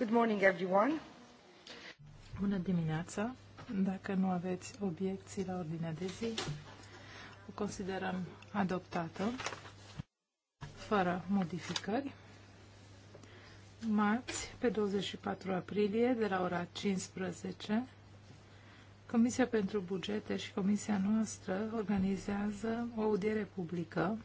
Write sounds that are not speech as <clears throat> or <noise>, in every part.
Good morning, everyone. Bună dimineața. Dacă nu aveți obiecții la ordinea de zi, o considerăm adoptată, fără modificări. Marți, pe 24 aprilie, de la ora 15, Comisia pentru Bugete și Comisia noastră organizează o audiere publică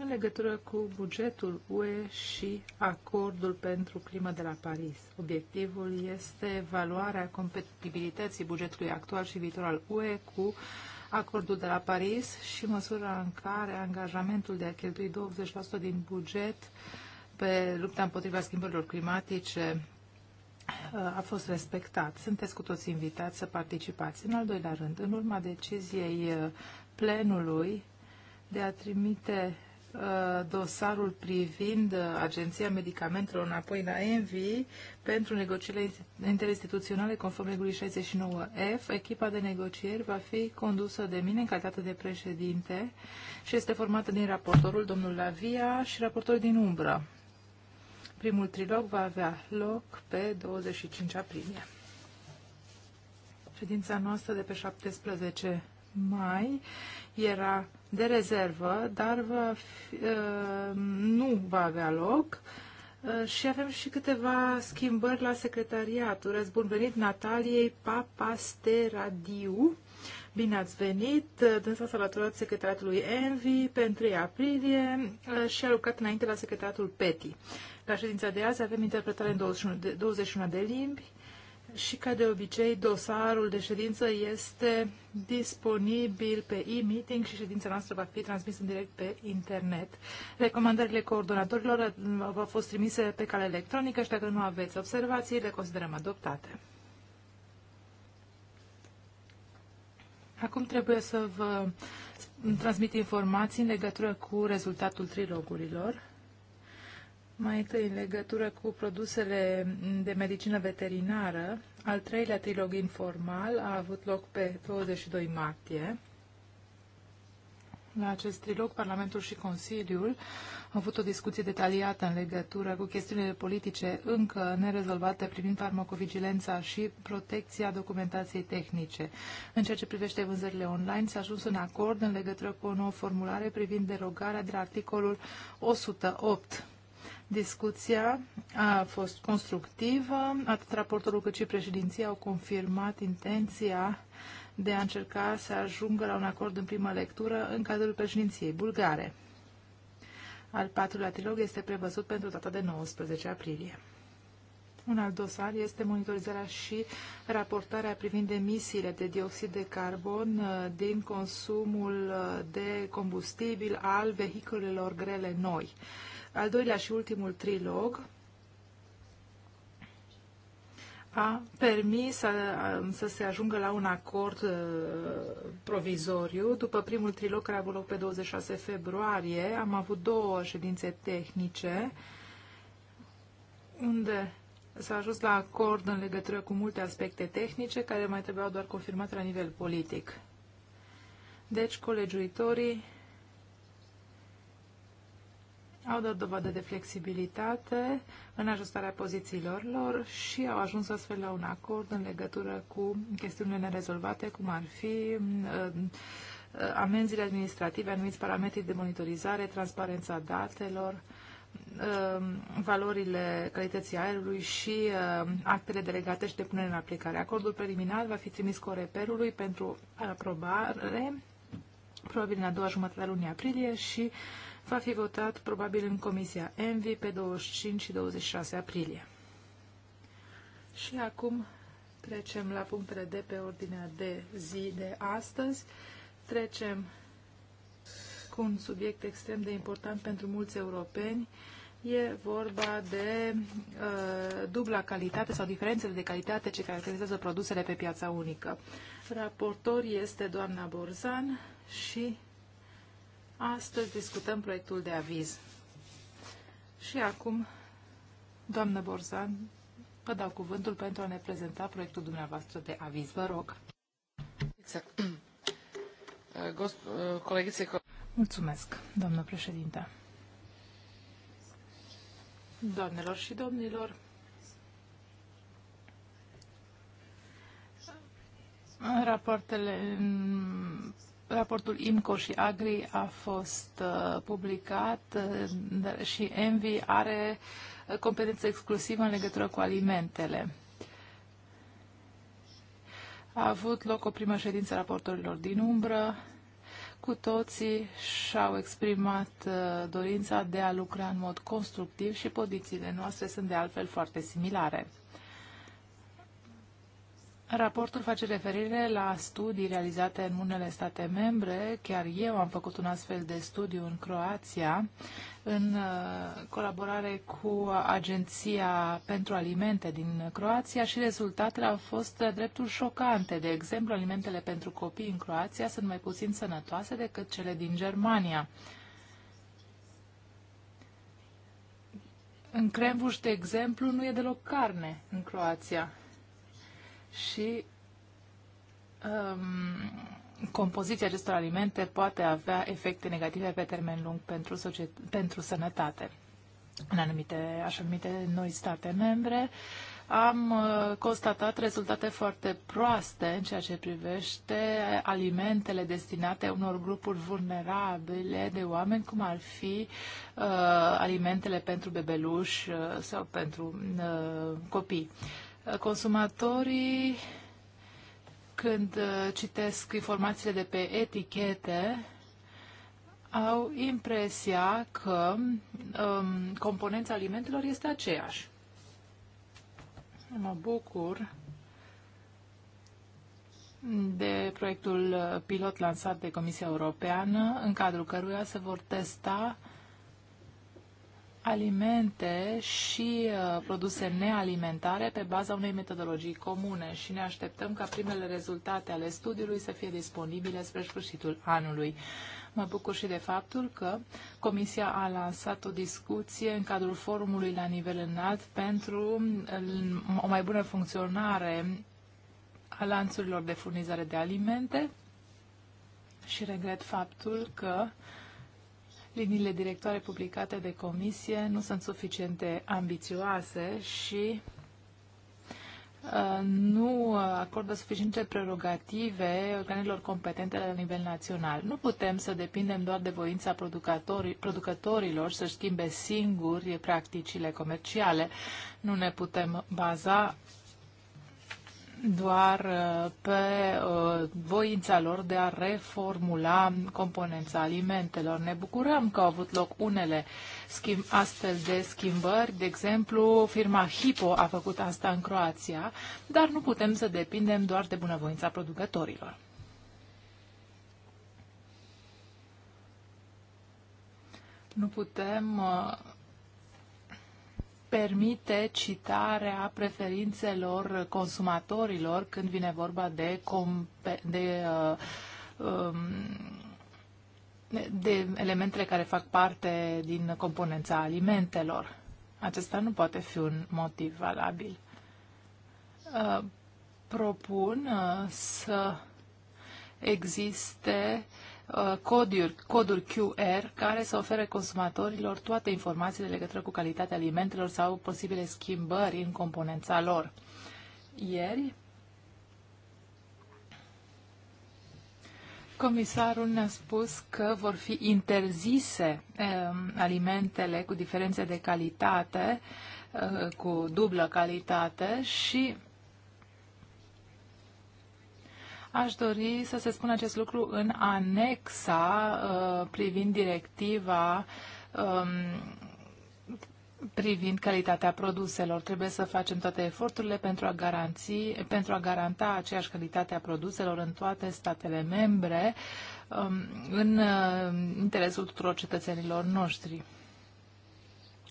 în legătură cu bugetul UE și acordul pentru climă de la Paris. Obiectivul este evaluarea competitivității bugetului actual și viitor al UE cu acordul de la Paris și măsura în care angajamentul de a cheltui 20% din buget pe lupta împotriva schimbărilor climatice uh, a fost respectat. Sunteți cu toți invitați să participați. În al doilea rând, în urma deciziei uh, plenului de a trimite Uh, dosarul privind uh, Agenția Medicamentelor înapoi la ENVI pentru negocierile interinstituționale conform regulii 69F. Echipa de negocieri va fi condusă de mine în calitate de președinte și este formată din raportorul domnul Lavia și raportorul din umbră. Primul trilog va avea loc pe 25 aprilie. Ședința noastră de pe 17 mai era de rezervă, dar va fi, uh, nu va avea loc. Uh, și avem și câteva schimbări la secretariat. Urez bun venit Nataliei Papasteradiu. Bine ați venit! Dânsa s-a alăturat secretariatului Envi pe 1 aprilie uh, și a lucrat înainte la secretariatul PETI. La ședința de azi avem interpretare în 21 de, 21 de limbi și, ca de obicei, dosarul de ședință este disponibil pe e-meeting și ședința noastră va fi transmisă în direct pe internet. Recomandările coordonatorilor uh, au fost trimise pe cale electronică și dacă nu aveți observații, le considerăm adoptate. Acum trebuie să vă transmit informații în legătură cu rezultatul trilogurilor. Mai întâi, în legătură cu produsele de medicină veterinară, al treilea trilog informal a avut loc pe 22 martie. La acest trilog, Parlamentul și Consiliul au avut o discuție detaliată în legătură cu chestiunile politice încă nerezolvate privind farmacovigilența și protecția documentației tehnice. În ceea ce privește vânzările online, s-a ajuns în acord în legătură cu o nouă formulare privind derogarea de la articolul 108 Discuția a fost constructivă, atât raportorul cât și președinția au confirmat intenția de a încerca să ajungă la un acord în primă lectură în cadrul președinției bulgare. Al patrulea trilog este prevăzut pentru data de 19 aprilie. Un alt dosar este monitorizarea și raportarea privind emisiile de dioxid de carbon uh, din consumul uh, de combustibil al vehiculelor grele noi. Al doilea și ultimul trilog a permis să, să se ajungă la un acord uh, provizoriu. După primul trilog care a avut loc pe 26 februarie, am avut două ședințe tehnice unde s-a ajuns la acord în legătură cu multe aspecte tehnice care mai trebuiau doar confirmate la nivel politic. Deci, colegiuitorii au dat dovadă de flexibilitate în ajustarea pozițiilor lor și au ajuns astfel la un acord în legătură cu chestiunile nerezolvate, cum ar fi uh, amenziile administrative, anumiți parametri de monitorizare, transparența datelor, uh, valorile calității aerului și uh, actele delegate și de punere în aplicare. Acordul preliminar va fi trimis coreperului pentru aprobare, probabil în a doua jumătate a lunii aprilie și uh, va fi votat probabil în Comisia ENVI pe 25 și 26 aprilie. Și acum trecem la punctele de pe ordinea de zi de astăzi. Trecem cu un subiect extrem de important pentru mulți europeni. E vorba de uh, dubla calitate sau diferențele de calitate ce caracterizează produsele pe piața unică. Raportor este doamna Borzan și Astăzi discutăm proiectul de aviz. Și acum, doamnă Borzan, vă dau cuvântul pentru a ne prezenta proiectul dumneavoastră de aviz. Vă rog. Exact. <clears throat> Mulțumesc, doamnă președinte. Doamnelor și domnilor, rapoartele Raportul IMCO și AGRI a fost uh, publicat uh, și ENVI are uh, competență exclusivă în legătură cu alimentele. A avut loc o primă ședință a raportorilor din umbră. Cu toții și-au exprimat dorința de a lucra în mod constructiv și pozițiile noastre sunt de altfel foarte similare. Raportul face referire la studii realizate în unele state membre. Chiar eu am făcut un astfel de studiu în Croația, în uh, colaborare cu Agenția pentru Alimente din Croația și rezultatele au fost dreptul șocante. De exemplu, alimentele pentru copii în Croația sunt mai puțin sănătoase decât cele din Germania. În Cremvuș, de exemplu, nu e deloc carne în Croația și um, compoziția acestor alimente poate avea efecte negative pe termen lung pentru, societ- pentru sănătate. În anumite, așa numite noi state membre, am uh, constatat rezultate foarte proaste în ceea ce privește alimentele destinate unor grupuri vulnerabile de oameni, cum ar fi uh, alimentele pentru bebeluși uh, sau pentru uh, copii. Consumatorii, când uh, citesc informațiile de pe etichete, au impresia că um, componența alimentelor este aceeași. Mă bucur de proiectul uh, pilot lansat de Comisia Europeană, în cadrul căruia se vor testa uh, alimente și uh, produse nealimentare pe baza unei metodologii comune și ne așteptăm ca primele rezultate ale studiului să fie disponibile spre sfârșitul anului. Mă bucur și de faptul că Comisia a lansat o discuție în cadrul forumului la nivel înalt pentru o mai bună funcționare a lanțurilor de furnizare de alimente și regret faptul că liniile directoare publicate de comisie nu sunt suficiente ambițioase și uh, nu acordă suficiente prerogative organelor competente la nivel național. Nu putem să depindem doar de voința producătorilor să schimbe singuri practicile comerciale. Nu ne putem baza doar uh, pe uh, voința lor de a reformula componența alimentelor. Ne bucurăm că au avut loc unele astfel de schimbări. De exemplu, firma Hippo a făcut asta în Croația, dar nu putem să depindem doar de bunăvoința producătorilor. Nu putem uh, permite citarea preferințelor consumatorilor când vine vorba de, de, uh, um, de elementele care fac parte din componența alimentelor. Acesta nu poate fi un motiv valabil. Uh, propun uh, să existe Uh, coduri, coduri QR care să ofere consumatorilor toate informațiile legătură cu calitatea alimentelor sau posibile schimbări în componența lor. Ieri, Comisarul ne-a spus că vor fi interzise eh, alimentele cu diferențe de calitate, eh, cu dublă calitate și Aș dori să se spună acest lucru în anexa uh, privind directiva um, privind calitatea produselor. Trebuie să facem toate eforturile pentru a, garanți, pentru a garanta aceeași calitate a produselor în toate statele membre, um, în uh, interesul tuturor cetățenilor noștri.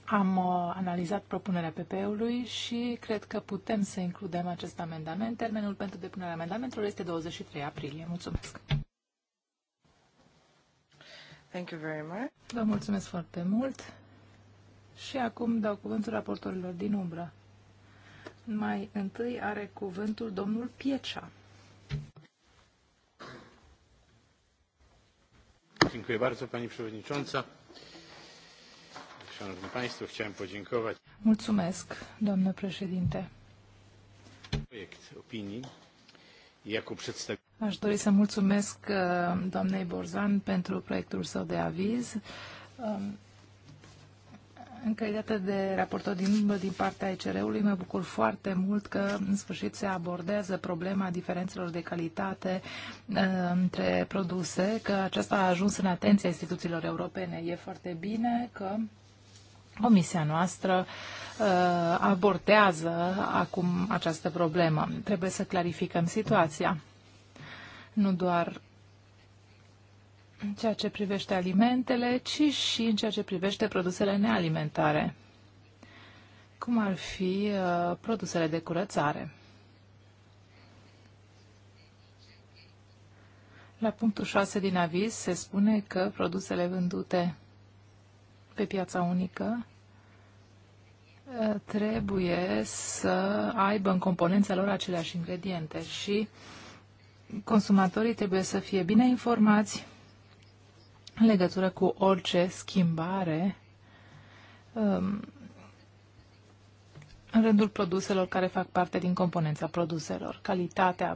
Am uh, analizat propunerea PP-ului și cred că putem să includem acest amendament. Termenul pentru depunerea amendamentului este 23 aprilie. Mulțumesc! Thank you very much. Vă mulțumesc foarte mult și acum dau cuvântul raportorilor din umbră. Mai întâi are cuvântul domnul Piecea. Dziękuję bardzo, pani przewodnicząca. Mulțumesc, domnule președinte. Aș dori să mulțumesc uh, doamnei Borzan pentru proiectul său de aviz. Um, în dată de raportor din, din partea ECR-ului, mă bucur foarte mult că în sfârșit se abordează problema diferențelor de calitate uh, între produse, că aceasta a ajuns în atenția instituțiilor europene. E foarte bine că Comisia noastră uh, abordează acum această problemă. Trebuie să clarificăm situația. Nu doar în ceea ce privește alimentele, ci și în ceea ce privește produsele nealimentare, cum ar fi uh, produsele de curățare. La punctul 6 din aviz se spune că produsele vândute pe piața unică eh, trebuie să aibă în componența lor aceleași ingrediente și consumatorii trebuie să fie bine informați în legătură cu orice schimbare ehm, în rândul produselor care fac parte din componența produselor. Calitatea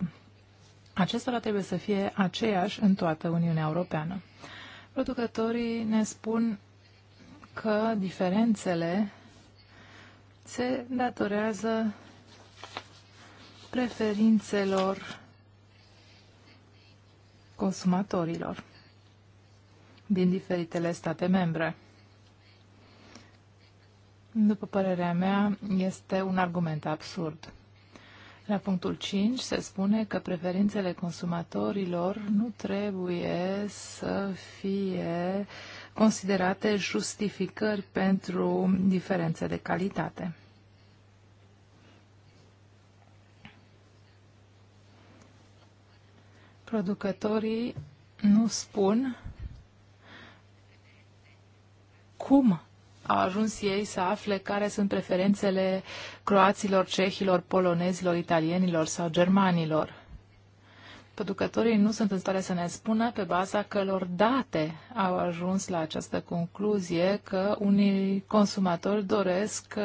acestora trebuie să fie aceeași în toată Uniunea Europeană. Producătorii ne spun că diferențele se datorează preferințelor consumatorilor din diferitele state membre. După părerea mea, este un argument absurd. La punctul 5 se spune că preferințele consumatorilor nu trebuie să fie considerate justificări pentru diferențe de calitate. Producătorii nu spun cum au ajuns ei să afle care sunt preferențele croaților, cehilor, polonezilor, italienilor sau germanilor. Producătorii nu sunt în stare să ne spună pe baza călor date au ajuns la această concluzie că unii consumatori doresc uh,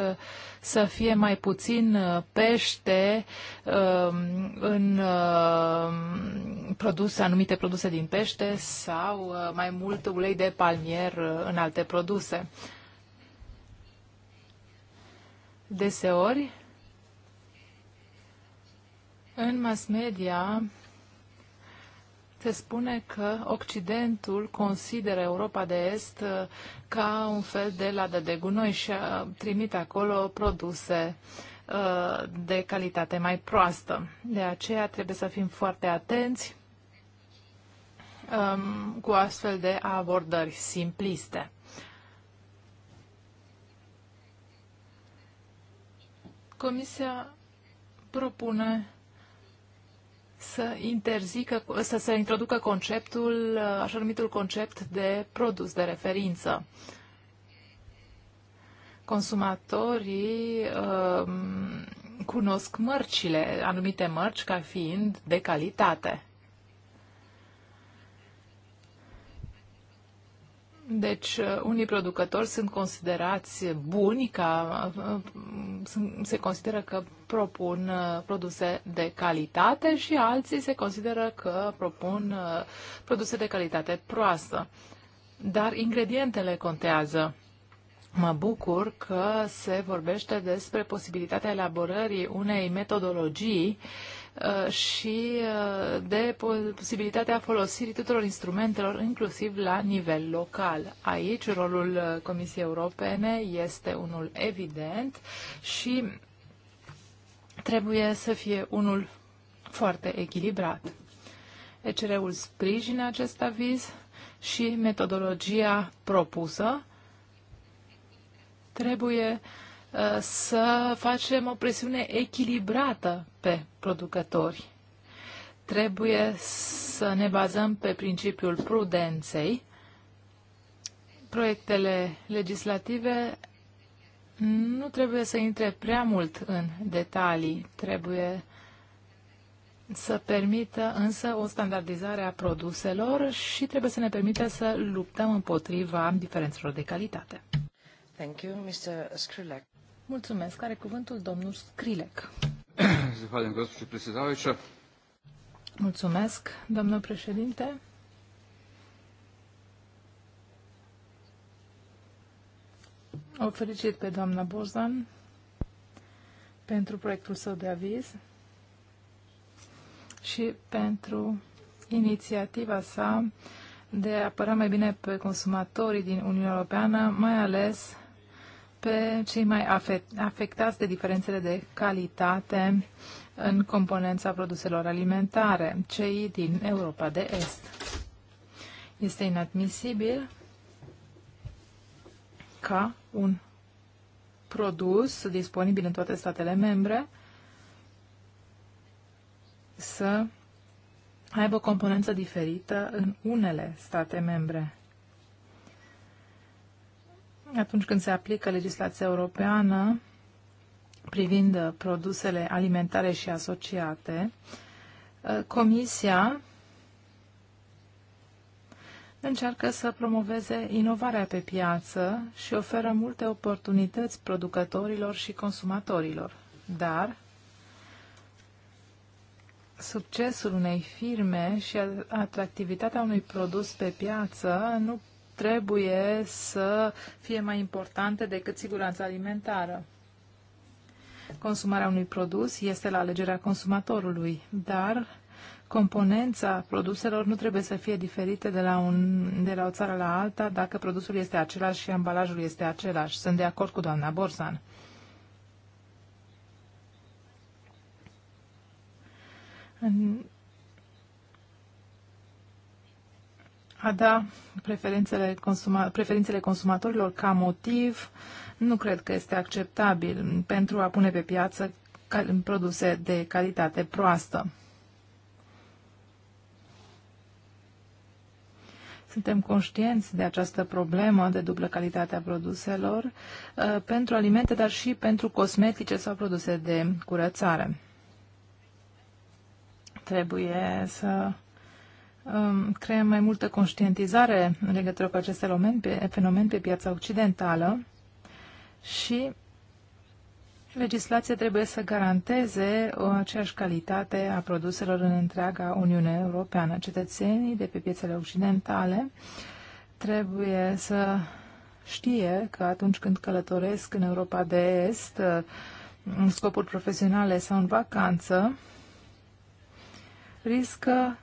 să fie mai puțin uh, pește um, în um, produse, anumite produse din pește sau uh, mai mult ulei de palmier în alte produse. Deseori, în mass media, se spune că Occidentul consideră Europa de Est uh, ca un fel de ladă de gunoi și trimite acolo produse uh, de calitate mai proastă. De aceea trebuie să fim foarte atenți um, cu astfel de abordări simpliste. Comisia propune să interzică, să se introducă conceptul, așa numitul concept de produs de referință. Consumatorii uh, cunosc mărcile, anumite mărci ca fiind de calitate. Deci, uh, unii producători sunt considerați buni, ca, uh, se consideră că propun uh, produse de calitate și alții se consideră că propun produse de calitate proastă. Dar ingredientele contează. Mă bucur că se vorbește despre posibilitatea elaborării unei metodologii uh, Uh, și uh, de posibilitatea folosirii tuturor instrumentelor, inclusiv la nivel local. Aici rolul uh, Comisiei Europene este unul evident și trebuie să fie unul foarte echilibrat. ECR-ul sprijină acest aviz și metodologia propusă trebuie uh, Uh, să facem o presiune echilibrată pe producători. Trebuie să ne bazăm pe principiul prudenței. Proiectele legislative nu trebuie să intre prea mult în detalii, trebuie să permită însă o standardizare a produselor și trebuie să ne permită să luptăm împotriva diferențelor de calitate. Thank you, Mr. Skrilek. Mulțumesc. Care cuvântul domnul Scrilec? <coughs> Zahvaljujem, gospođo predsjedavajuća. Mulțumesc, domnul președinte. O felicit pe doamna Bozdan pentru proiectul său de aviz și pentru inițiativa sa de a apăra mai bine pe consumatorii din Uniunea Europeană, mai ales pe cei mai afectați de diferențele de calitate în componența produselor alimentare, cei din Europa de Est. Este inadmisibil ca un produs disponibil în toate statele membre să aibă o componență diferită în unele state membre atunci când se aplică legislația europeană privind uh, produsele alimentare și asociate, uh, Comisia încearcă să promoveze inovarea pe piață și oferă multe oportunități producătorilor și consumatorilor. Dar succesul unei firme și atractivitatea unui produs pe piață nu trebuie să fie mai importante decât siguranța alimentară. Consumarea unui produs este la alegerea consumatorului, dar componența produselor nu trebuie să fie diferite de la, un, de la o țară la alta dacă produsul este același și ambalajul este același. Sunt de acord cu doamna Borsan. În a da preferințele, consuma, preferințele consumatorilor ca motiv nu cred că este acceptabil pentru a pune pe piață produse de calitate proastă. Suntem conștienți de această problemă de dublă calitate a produselor ă, pentru alimente, dar și pentru cosmetice sau produse de curățare. Trebuie să Um, creăm mai multă conștientizare în legătură cu acest fenomen pe, fenomen pe piața occidentală și legislația trebuie să garanteze o aceeași calitate a produselor în întreaga Uniune Europeană. Cetățenii de pe piețele occidentale trebuie să știe că atunci când călătoresc în Europa de Est, în scopuri profesionale sau în vacanță, riscă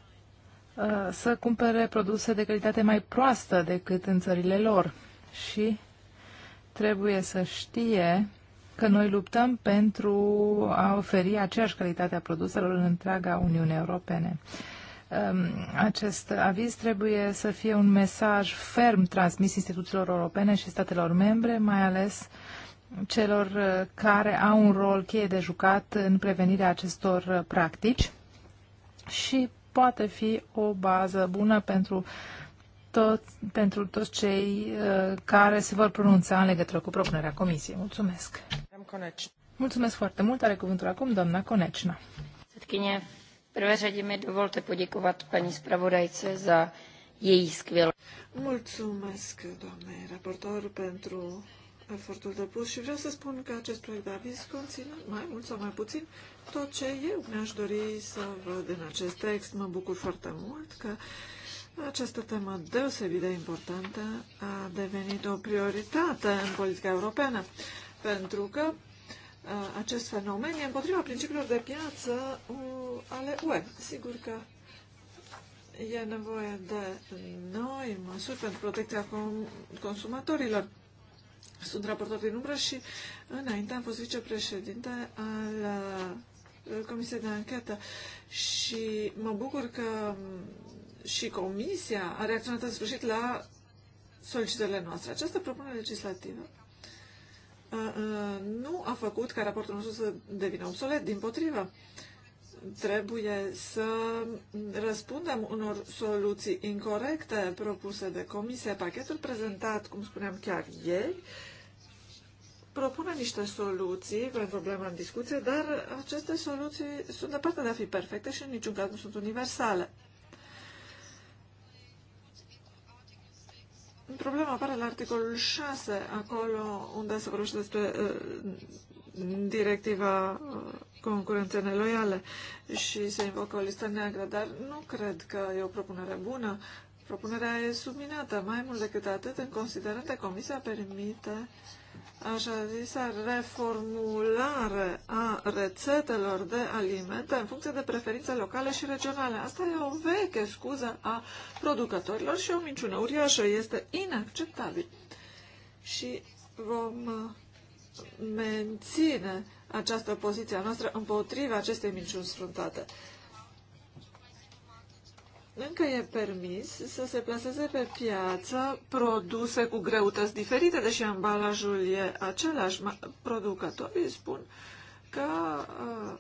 Uh, să cumpere produse de calitate mai proastă decât în țările lor și trebuie să știe că noi luptăm pentru a oferi aceeași calitate a produselor în întreaga Uniune Europene. Um, acest aviz trebuie să fie un mesaj ferm transmis instituțiilor europene și statelor membre, mai ales celor uh, care au un rol cheie de jucat în prevenirea acestor uh, practici și poate fi o bază bună pentru, tot, pentru toți cei uh, care se vor pronunța în legătură cu propunerea Comisiei. Mulțumesc! Mulțumesc foarte mult! Are cuvântul acum doamna Conecna. Předkyně, prima prvé dovolte poděkovat paní zpravodajce za Mulțumesc, doamne raportor, pentru efortul depus și vreau să spun că acest proiect de aviz conține mai mult sau mai puțin tot ce eu mi-aș dori să văd în acest text. Mă bucur foarte mult că această temă deosebit de importantă a devenit o prioritate în politica europeană, pentru că acest fenomen e împotriva principiilor de piață ale UE. Sigur că e nevoie de noi măsuri pentru protecția consumatorilor. Sunt raportor din umbră și înainte am fost vicepreședinte al Comisia de Anchetă și mă bucur că și Comisia a reacționat în sfârșit la solicitările noastre. Această propunere legislativă uh, uh, nu a făcut ca raportul nostru să devină obsolet, din potrivă. Trebuie să răspundem unor soluții incorrecte propuse de comisie. Pachetul prezentat, cum spuneam chiar ieri, propune niște soluții pentru problema în discuție, dar aceste soluții sunt departe de a fi perfecte și în niciun caz nu sunt universale. Problema apare la articolul 6, acolo unde se vorbește despre uh, directiva uh, concurenței neloiale și se invocă o listă neagră, dar nu cred că e o propunere bună. Propunerea e subminată. Mai mult decât atât, în considerente, Comisia permite uh, așa zisă reformulare a rețetelor de alimente în funcție de preferințe locale și regionale. Asta e o veche scuză a producătorilor și o minciună uriașă. Este inacceptabil. Și vom uh, menține această poziție a noastră împotriva acestei minciuni sfruntate încă e permis să se plaseze pe piață produse cu greutăți diferite, deși ambalajul e același. Producătorii spun că uh,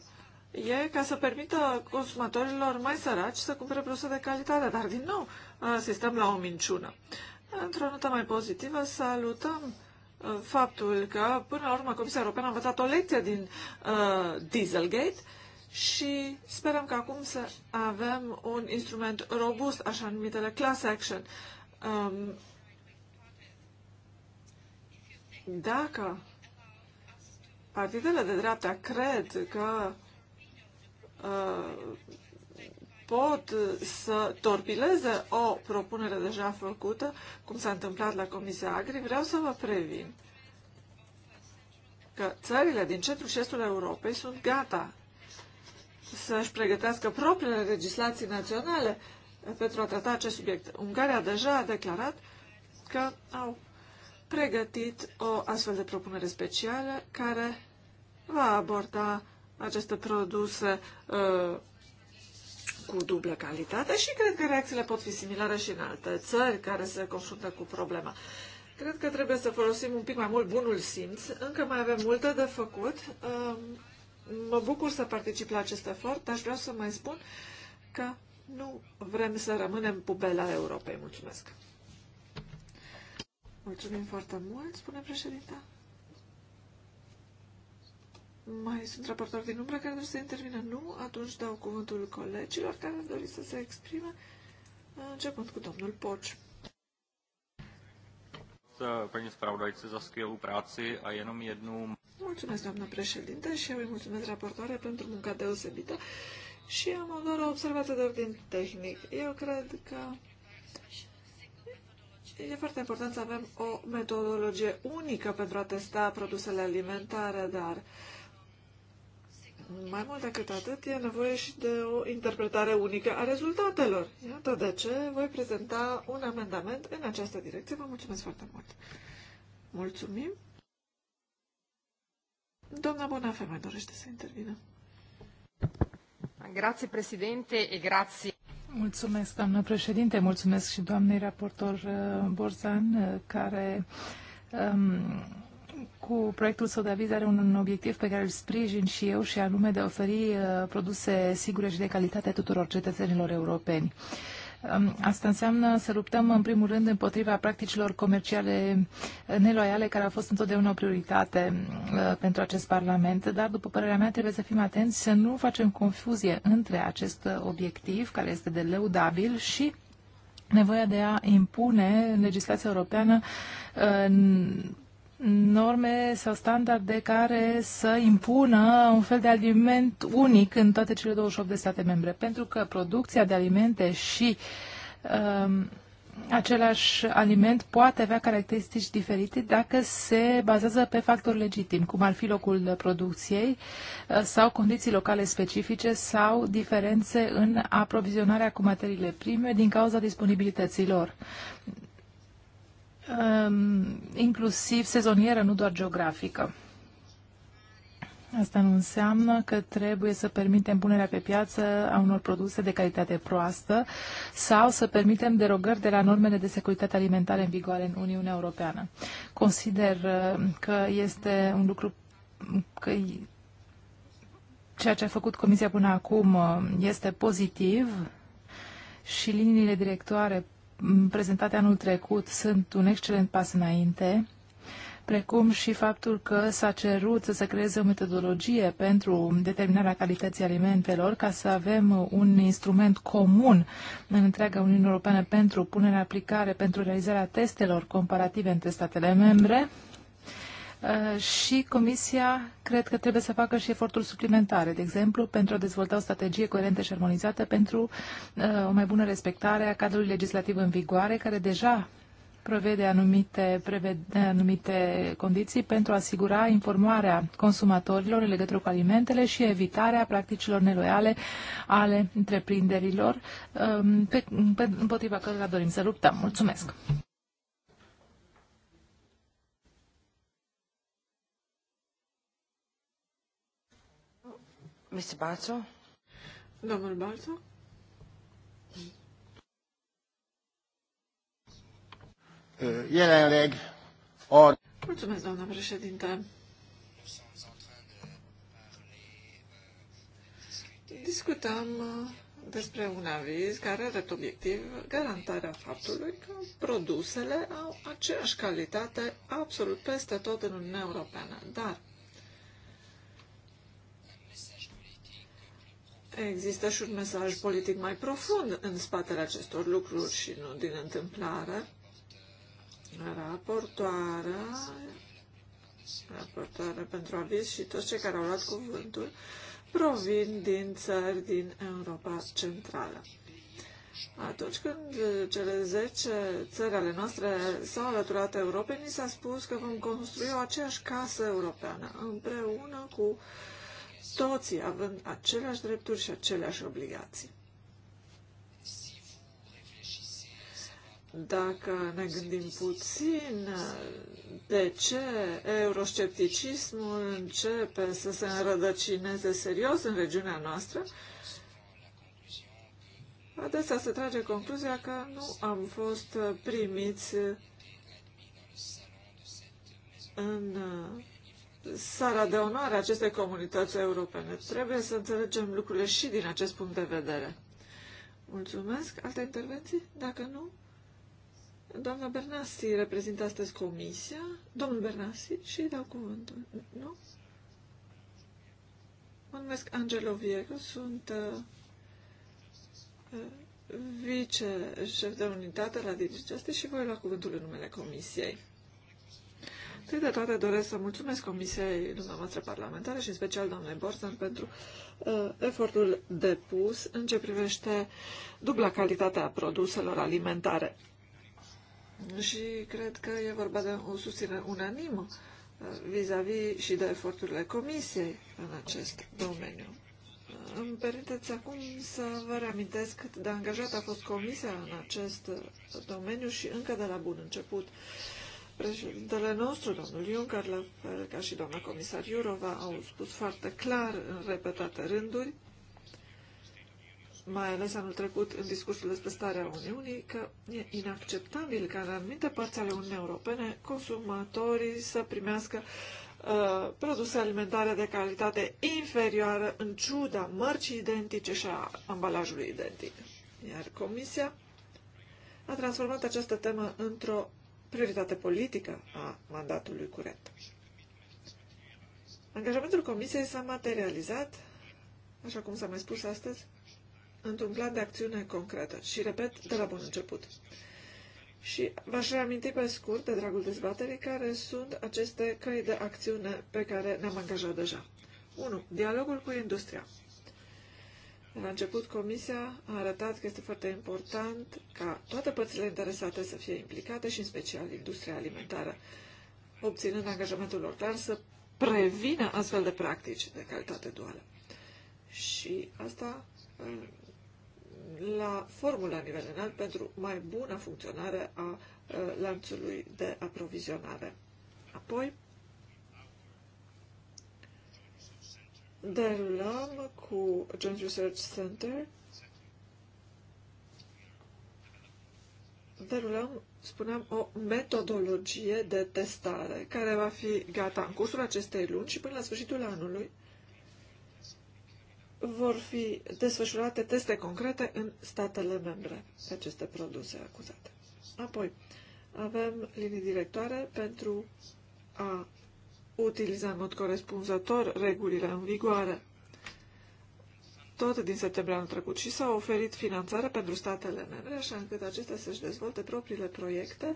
e ca să permită consumatorilor mai săraci să cumpere produse de calitate, dar din nou asistăm la o minciună. Într-o notă mai pozitivă, salutăm uh, faptul că, până la urmă, Comisia Europeană a învățat o lecție din uh, Dieselgate și sperăm că acum să avem un instrument robust, așa numitele class action. Um, dacă partidele de dreapta cred că uh, pot să torpileze o propunere deja făcută, cum s-a întâmplat la Comisia Agri, vreau să vă previn că țările din centrul și estul Europei sunt gata să își pregătească propriile legislații naționale pentru a trata acest subiect. Ungaria deja a declarat că au pregătit o astfel de propunere specială care va aborda aceste produse uh, cu dublă calitate și cred că reacțiile pot fi similare și în alte țări care se confruntă cu problema. Cred că trebuie să folosim un pic mai mult bunul simț. Încă mai avem multe de făcut. Um, mă bucur să particip la acest efort, dar vrea să mai spun că nu vrem să rămânem pubela Europei. Mulțumesc! Mulțumim foarte mult, spune președinta. Mai sunt raportori din umbră care trebuie să intervină? Nu? Atunci dau cuvântul colegilor care dori să se exprime, începând cu domnul Poci. Eh, paní zpravodajce za skvělou práci a jenom jednu... Mulțumesc, doamnă președinte, și eu îi mulțumesc raportoare pentru munca deosebită și am doar o observație de ordin tehnic. Eu cred că e foarte important să avem o metodologie unică pentru a testa produsele alimentare, dar uh, mai mult decât atât, e nevoie și de o interpretare unică a rezultatelor. Iată de ce voi prezenta un amendament în această direcție. Vă mulțumesc foarte mult. Mulțumim. Doamna Bonafe mai dorește să intervină. Grazie, președinte, e grazie. Mulțumesc, doamnă președinte, mulțumesc și doamnei raportor uh, Borzan, uh, care um, cu proiectul său de aviz are un obiectiv pe care îl sprijin și eu și anume de a oferi uh, produse sigure și de calitate tuturor cetățenilor europeni. Um, asta înseamnă să luptăm în primul rând împotriva practicilor comerciale neloiale, care au fost întotdeauna o prioritate uh, pentru acest Parlament, dar după părerea mea trebuie să fim atenți să nu facem confuzie între acest uh, obiectiv, care este de lăudabil și nevoia de a impune în legislația europeană norme sau standarde care să impună un fel de aliment unic în toate cele 28 de state membre, pentru că producția de alimente și um, același aliment poate avea caracteristici diferite dacă se bazează pe factori legitimi, cum ar fi locul producției uh, sau condiții locale specifice sau diferențe în aprovizionarea cu materiile prime din cauza disponibilităților lor. Ehm, inclusiv sezonieră, nu doar geografică. Asta nu înseamnă că trebuie să permitem punerea pe piață a unor produse de calitate proastă sau să permitem derogări de la normele de securitate alimentară în vigoare în Uniunea Europeană. Consider ehm, că este un lucru că ceea ce a făcut Comisia până acum ehm, este pozitiv și liniile directoare prezentate anul trecut sunt un excelent pas înainte, precum și faptul că s-a cerut să se creeze o metodologie pentru determinarea calității alimentelor, ca să avem un instrument comun în întreaga Uniune Europeană pentru punerea aplicare, pentru realizarea testelor comparative între statele membre Uh, și Comisia cred că trebuie să facă și eforturi suplimentare, de exemplu, pentru a dezvolta o strategie coerentă și armonizată pentru uh, o mai bună respectare a cadrului legislativ în vigoare, care deja prevede anumite, prevede anumite condiții pentru a asigura informarea consumatorilor în legătură cu alimentele și evitarea practicilor neloiale ale întreprinderilor um, pe, pe, împotriva cărora dorim să luptăm. Mulțumesc! Mr. Balțo? Domnul Balțo? Eh, Jelenleg or... Mulțumesc, doamna președinte. Discutăm uh, despre un aviz care are obiectiv garantarea faptului că produsele au aceeași calitate absolut peste tot în Uniunea Europeană, dar Există și un mesaj politic mai profund în spatele acestor lucruri și nu din întâmplare. Raportoarea, raportoarea pentru aviz și toți cei care au luat cuvântul provin din țări din Europa Centrală. Atunci când cele 10 țări ale noastre s-au alăturat Europei, ni s-a spus că vom construi o aceeași casă europeană împreună cu uh, toții având aceleași drepturi și aceleași obligații. Dacă ne gândim puțin de ce euroscepticismul începe să se înrădăcineze serios în regiunea noastră, adesea se trage concluzia că nu am fost primiți în Sara de onoare a acestei comunități europene. Trebuie să înțelegem lucrurile și din acest punct de vedere. Mulțumesc. Alte intervenții? Dacă nu, doamna Bernasi reprezintă astăzi comisia. Domnul Bernasi și dau cuvântul. Nu? Mă numesc Angelo Viego, sunt uh, uh vice-șef de unitate la DigiJustice și voi lua cuvântul în numele comisiei. Întâi de toate doresc să mulțumesc Comisiei dumneavoastră parlamentare și în special doamnei Borzan pentru uh, efortul depus în ce privește dubla calitatea produselor alimentare. Și cred că e vorba de o susținere unanimă uh, vis-a-vis -vis și de eforturile Comisiei în acest domeniu. Îmi permiteți acum să vă reamintesc cât de angajată a fost Comisia în acest domeniu și încă de la bun început. Uh, Președintele nostru, domnul Juncker, la fel ca și doamna comisar Iurova, au spus foarte clar, în repetate rânduri, mai ales anul trecut în discursul despre starea Uniunii, că e inacceptabil ca în anumite părți ale Uniunii Europene consumatorii să primească uh, produse alimentare de calitate inferioară în ciuda mărcii identice și a ambalajului identic. Iar Comisia a transformat această temă într-o prioritate politică a mandatului curent. Angajamentul Comisiei s-a materializat, așa cum s-a mai spus astăzi, într-un plan de acțiune concretă și, repet, de la bun început. Și v-aș reaminti pe scurt, de dragul dezbaterii, care sunt aceste căi de acțiune pe care ne-am angajat deja. 1. Dialogul cu industria. La început, Comisia a arătat că este foarte important ca toate părțile interesate să fie implicate și în special industria alimentară, obținând angajamentul lor, dar să prevină astfel de practici de calitate duală. Și asta eh, la formula la nivel înalt pentru mai bună funcționare a eh, lanțului de aprovizionare. Apoi, derulăm cu Joint Research Center derulăm, spuneam, o metodologie de testare care va fi gata în cursul acestei luni și până la sfârșitul anului vor fi desfășurate teste concrete în statele membre pe aceste produse acuzate. Apoi, avem linii directoare pentru a utiliza în mod corespunzător regulile în vigoare. Tot din septembrie anul trecut și s-a oferit finanțare pentru statele membre, așa încât acestea să-și dezvolte propriile proiecte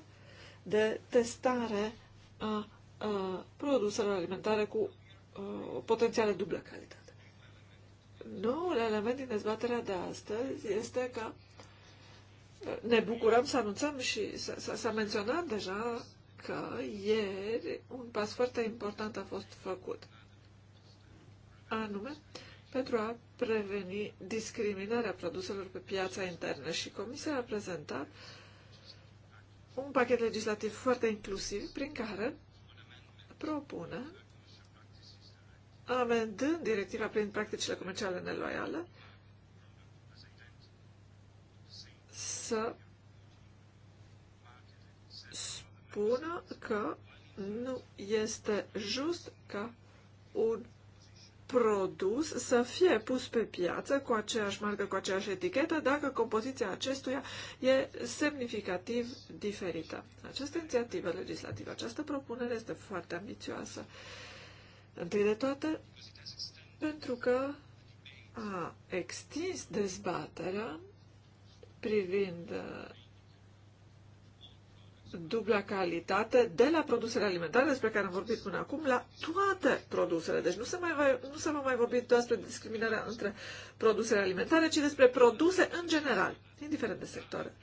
de testare a, a produselor alimentare cu a, potențiale dublă calitate. Noul element din dezbaterea de astăzi este că ne bucurăm să anunțăm și s-a menționat deja că ieri un pas foarte important a fost făcut, anume pentru a preveni discriminarea produselor pe piața internă și Comisia a prezentat un pachet legislativ foarte inclusiv prin care propune, amendând directiva prin practicile comerciale neloiale, să spună că nu este just ca un produs să fie pus pe piață cu aceeași marcă, cu aceeași etichetă, dacă compoziția acestuia e semnificativ diferită. Această inițiativă legislativă, această propunere este foarte ambițioasă. Întâi de toate, pentru că a extins dezbaterea privind uh, dubla calitate de la produsele alimentare despre care am vorbit până acum la toate produsele. Deci nu se, mai va, nu se va mai vorbi doar despre discriminarea între produsele alimentare, ci despre produse în general, indiferent de sectoare.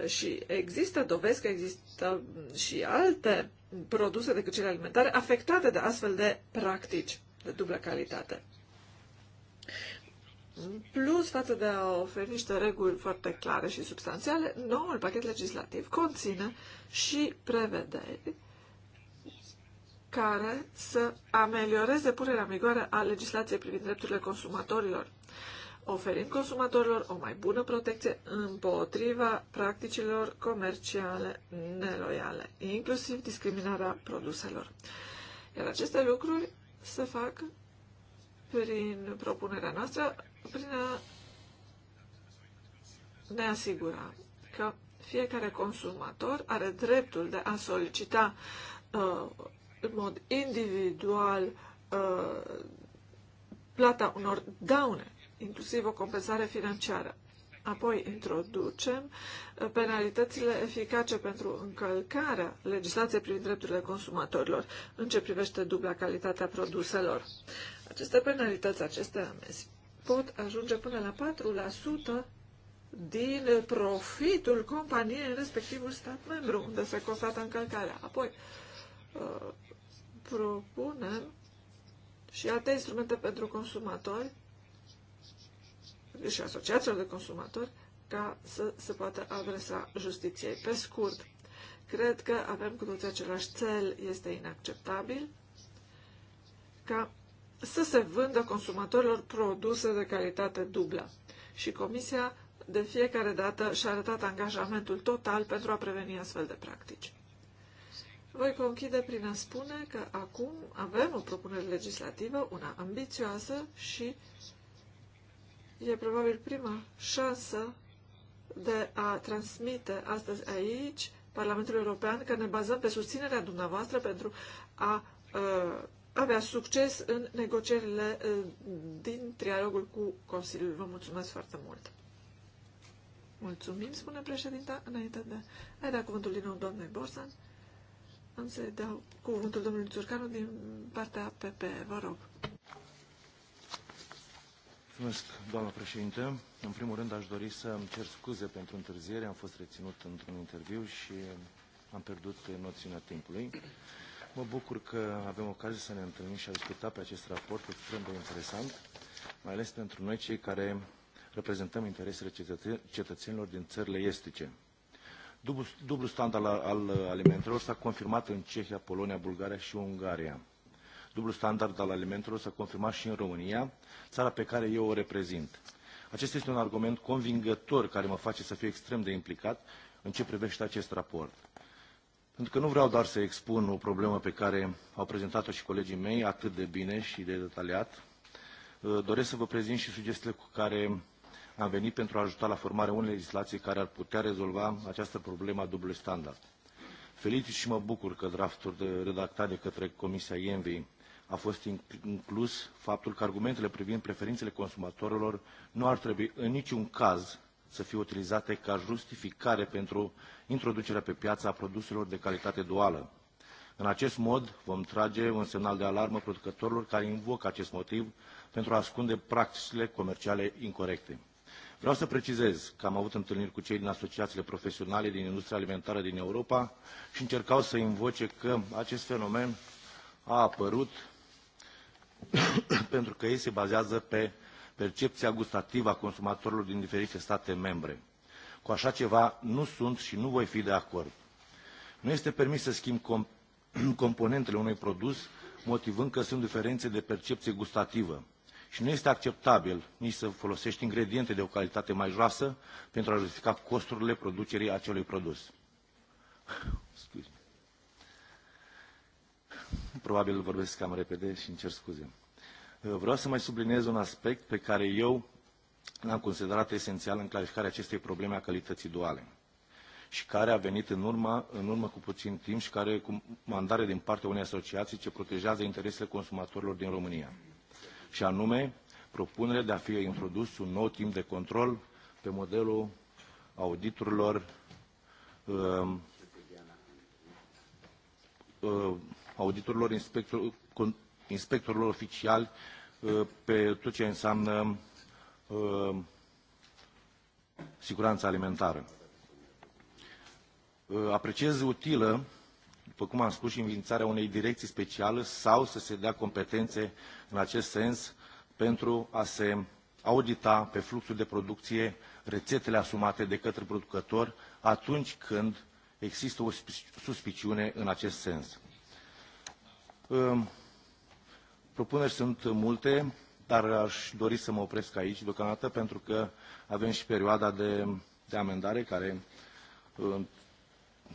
Uh, și există dovezi că există și alte produse decât cele alimentare afectate de astfel de practici de dublă calitate plus, față de a oferi niște reguli foarte clare și substanțiale, noul pachet legislativ conține și prevederi care să amelioreze punerea în vigoare a legislației privind drepturile consumatorilor, oferind consumatorilor o mai bună protecție împotriva practicilor comerciale neloiale, inclusiv discriminarea produselor. Iar aceste lucruri se fac prin propunerea noastră, prin a ne asigura că fiecare consumator are dreptul de a solicita uh, în mod individual uh, plata unor daune, inclusiv o compensare financiară. Apoi introducem uh, penalitățile eficace pentru încălcarea legislației privind drepturile consumatorilor în ce privește dubla calitatea produselor. Aceste penalități, aceste amenzi pot ajunge până la 4% din profitul companiei în respectivul stat membru unde se constată încălcarea. Apoi, uh, propunem și alte instrumente pentru consumatori și asociațiilor de consumatori ca să se poată adresa justiției. Pe scurt, cred că avem cu toți același cel. Este inacceptabil ca să se vândă consumatorilor produse de calitate dublă. Și Comisia de fiecare dată și-a arătat angajamentul total pentru a preveni astfel de practici. Voi conchide prin a spune că acum avem o propunere legislativă, una ambițioasă și e probabil prima șansă de a transmite astăzi aici Parlamentul European că ne bazăm pe susținerea dumneavoastră pentru a uh, avea succes în negocierile din trialogul cu Consiliul. Vă mulțumesc foarte mult! Mulțumim, spune președinta, înainte de a da cuvântul din nou doamnei Borsan. Am să dau cuvântul domnului Țurcanu din partea PP. Vă rog. Mulțumesc, doamna președinte. În primul rând aș dori să îmi cer scuze pentru întârziere. Am fost reținut într-un interviu și am pierdut noțiunea timpului. Mă bucur că avem ocazia să ne întâlnim și a discuta pe acest raport extrem de interesant, mai ales pentru noi cei care reprezentăm interesele cetățenilor din țările estice. Dublu, dublu standard al, al alimentelor s-a confirmat în Cehia, Polonia, Bulgaria și Ungaria. Dublu standard al alimentelor s-a confirmat și în România, țara pe care eu o reprezint. Acesta este un argument convingător care mă face să fiu extrem de implicat în ce privește acest raport. Pentru că nu vreau doar să expun o problemă pe care au prezentat-o și colegii mei atât de bine și de detaliat, uh, doresc să vă prezint și sugestiile cu care am venit pentru a ajuta la formarea unei legislații care ar putea rezolva această problemă a dublului standard. Felicit și mă bucur că draftul de redactat de către Comisia ENVI a fost inclus faptul că argumentele privind preferințele consumatorilor nu ar trebui în niciun caz să fie utilizate ca justificare pentru introducerea pe piață a produselor de calitate duală. În acest mod vom trage un semnal de alarmă producătorilor care invocă acest motiv pentru a ascunde practicile comerciale incorrecte. Vreau să precizez că am avut întâlniri cu cei din asociațiile profesionale din industria alimentară din Europa și încercau să invoce că acest fenomen a apărut <coughs> pentru că ei se bazează pe percepția gustativă a consumatorilor din diferite state membre. Cu așa ceva nu sunt și nu voi fi de acord. Nu este permis să schimb comp <clears throat> componentele unui produs, motivând că sunt diferențe de percepție gustativă. Și nu este acceptabil nici să folosești ingrediente de o calitate mai joasă pentru a justifica costurile producerii acelui produs. <laughs> Probabil vorbesc cam repede și îmi cer scuze. Eh, vreau să mai subliniez un aspect pe care eu l-am considerat esențial în clarificarea acestei probleme a calității duale și care a venit în urmă, în urmă cu puțin timp și care cu mandare din partea unei asociații ce protejează interesele consumatorilor din România. Și anume, propunerea de a fi introdus un nou timp de control pe modelul auditurilor uh, ehm, ehm, auditorilor inspector, inspectorilor oficiali uh, pe tot ce înseamnă uh, siguranța alimentară. Uh, apreciez utilă, după cum am spus, și înființarea unei direcții speciale sau să se dea competențe în acest sens pentru a se audita pe fluxul de producție rețetele asumate de către producător atunci când există o suspiciune în acest sens. Propuneri sunt multe, dar aș dori să mă opresc aici deocamdată pentru că avem și perioada de, de amendare care uh,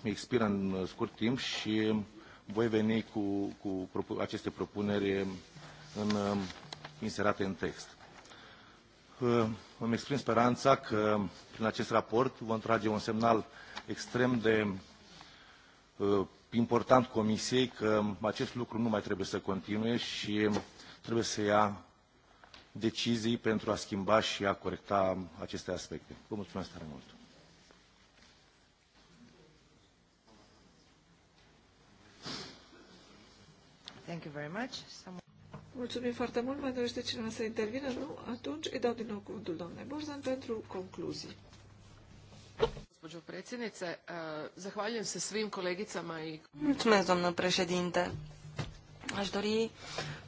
expiră în scurt timp și voi veni cu, cu aceste propuneri în, uh, inserate în text. Uh, îmi exprim speranța că prin acest raport vom trage un semnal extrem de uh, important Comisiei că acest lucru nu mai trebuie să continue și trebuie să ia decizii pentru a schimba și a corecta aceste aspecte. Vă mulțumesc tare mult! Thank you very much. Mulțumim foarte mult. Mai dorește cineva să intervină? Nu? Atunci îi dau din nou cuvântul doamnei Borzan pentru concluzii gospođo predsjednice. Zahvaljujem se svim kolegicama i... Mulțumesc, doamnă președinte. Aș dori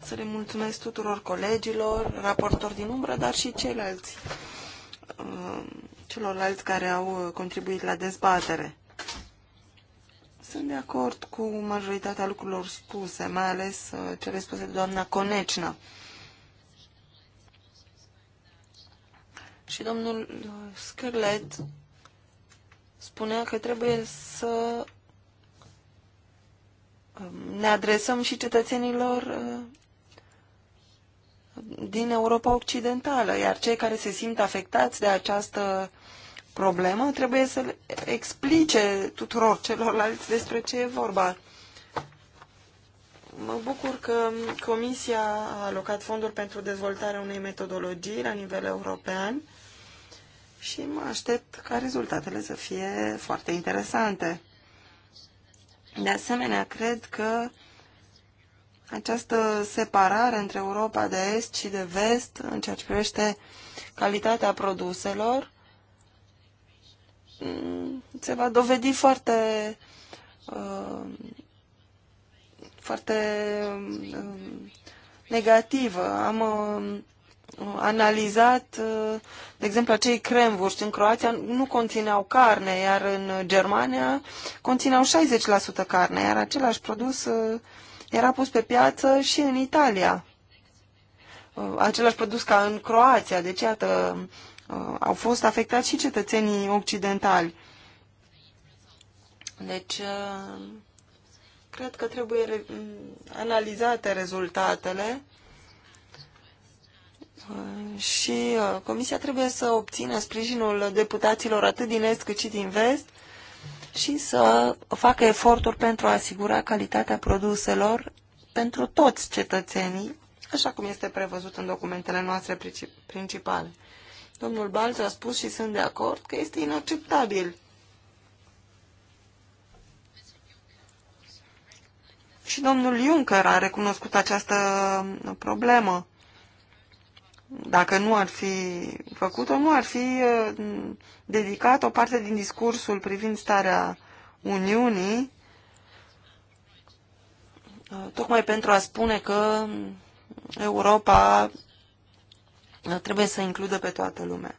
să le mulțumesc tuturor colegilor, raportori din umbră, dar și ceilalți, celorlalți care au contribuit la dezbatere. Sunt de acord cu majoritatea lucrurilor spuse, mai ales cele spuse de doamna Conecna. Și domnul Scarlett spunea că trebuie să um, ne adresăm și cetățenilor uh, din Europa Occidentală, iar cei care se simt afectați de această problemă trebuie să explice tuturor celorlalți despre ce e vorba. Mă bucur că Comisia a alocat fonduri pentru dezvoltarea unei metodologii la nivel european și mă aștept ca rezultatele să fie foarte interesante. De asemenea, cred că această separare între Europa de Est și de Vest în ceea ce privește calitatea produselor mm, se va dovedi foarte uh, foarte mm, negativă. Am uh, analizat, uh, de exemplu, acei cremvurși în Croația nu conțineau carne, iar în Germania conțineau 60% carne, iar același produs uh, era pus pe piață și în Italia. Uh, același produs ca în Croația, deci iată, au fost afectați și cetățenii occidentali. Deci, cred că trebuie analizate rezultatele Uh, și uh, Comisia trebuie să obțină sprijinul deputaților atât din Est cât și din Vest și să facă eforturi pentru a asigura calitatea produselor pentru toți cetățenii, așa cum este prevăzut în documentele noastre principale. Domnul Balț a spus și sunt de acord că este inacceptabil. Și domnul Juncker a recunoscut această problemă dacă nu ar fi făcut-o, nu ar fi uh, dedicat o parte din discursul privind starea Uniunii uh, tocmai pentru a spune că Europa uh, trebuie să includă pe toată lumea.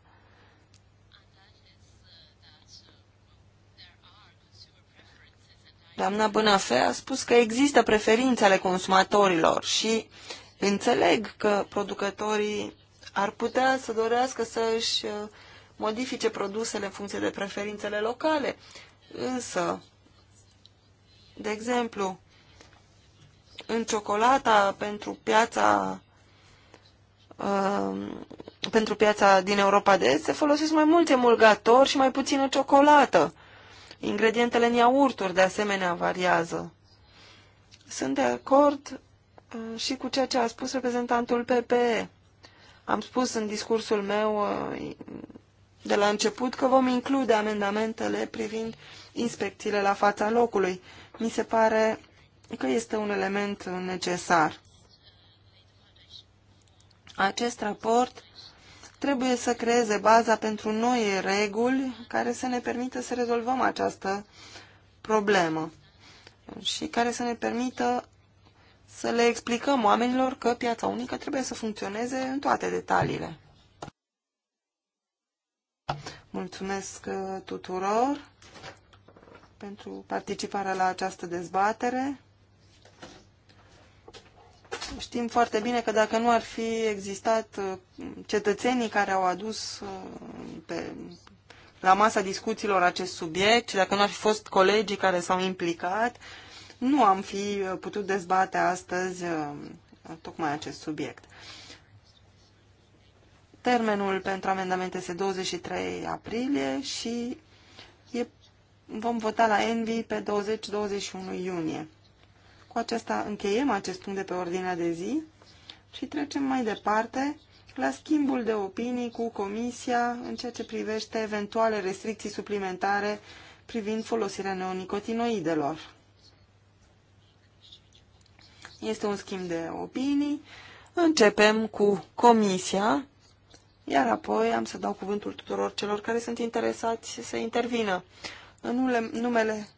Doamna Bânafe a spus că există preferințe ale consumatorilor și înțeleg că producătorii ar putea să dorească să își uh, modifice produsele în funcție de preferințele locale. Însă, de exemplu, în ciocolata pentru piața uh, pentru piața din Europa de Est se folosesc mai mulți emulgatori și mai puțină ciocolată. Ingredientele în iaurturi de asemenea variază. Sunt de acord uh, și cu ceea ce a spus reprezentantul PPE. Am spus în discursul meu uh, de la început că vom include amendamentele privind inspecțiile la fața locului. Mi se pare că este un element necesar. Acest raport trebuie să creeze baza pentru noi reguli care să ne permită să rezolvăm această problemă și care să ne permită să le explicăm oamenilor că piața unică trebuie să funcționeze în toate detaliile. Mulțumesc uh, tuturor pentru participarea la această dezbatere. Știm foarte bine că dacă nu ar fi existat uh, cetățenii care au adus uh, pe, la masa discuțiilor acest subiect și dacă nu ar fi fost colegii care s-au implicat, nu am fi putut dezbate astăzi uh, tocmai acest subiect. Termenul pentru amendamente este 23 aprilie și e, vom vota la Envi pe 20-21 iunie. Cu acesta încheiem acest punct de pe ordinea de zi și trecem mai departe la schimbul de opinii cu Comisia în ceea ce privește eventuale restricții suplimentare privind folosirea neonicotinoidelor. Este un schimb de opinii. Începem cu comisia, iar apoi am să dau cuvântul tuturor celor care sunt interesați să intervină. În numele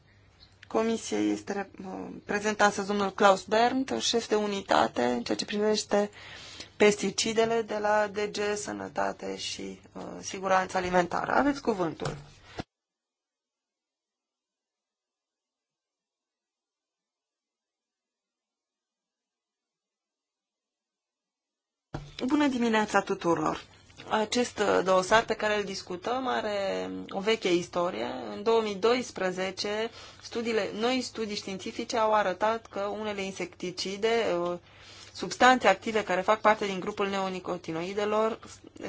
comisiei este uh, prezentat astăzi domnul Klaus Berndt, șef de unitate în ceea ce privește pesticidele de la DG Sănătate și uh, Siguranță Alimentară. Aveți cuvântul. Bună dimineața tuturor! Acest dosar pe care îl discutăm are o veche istorie. În 2012, studiile, noi studii științifice au arătat că unele insecticide, uh, substanțe active care fac parte din grupul neonicotinoidelor,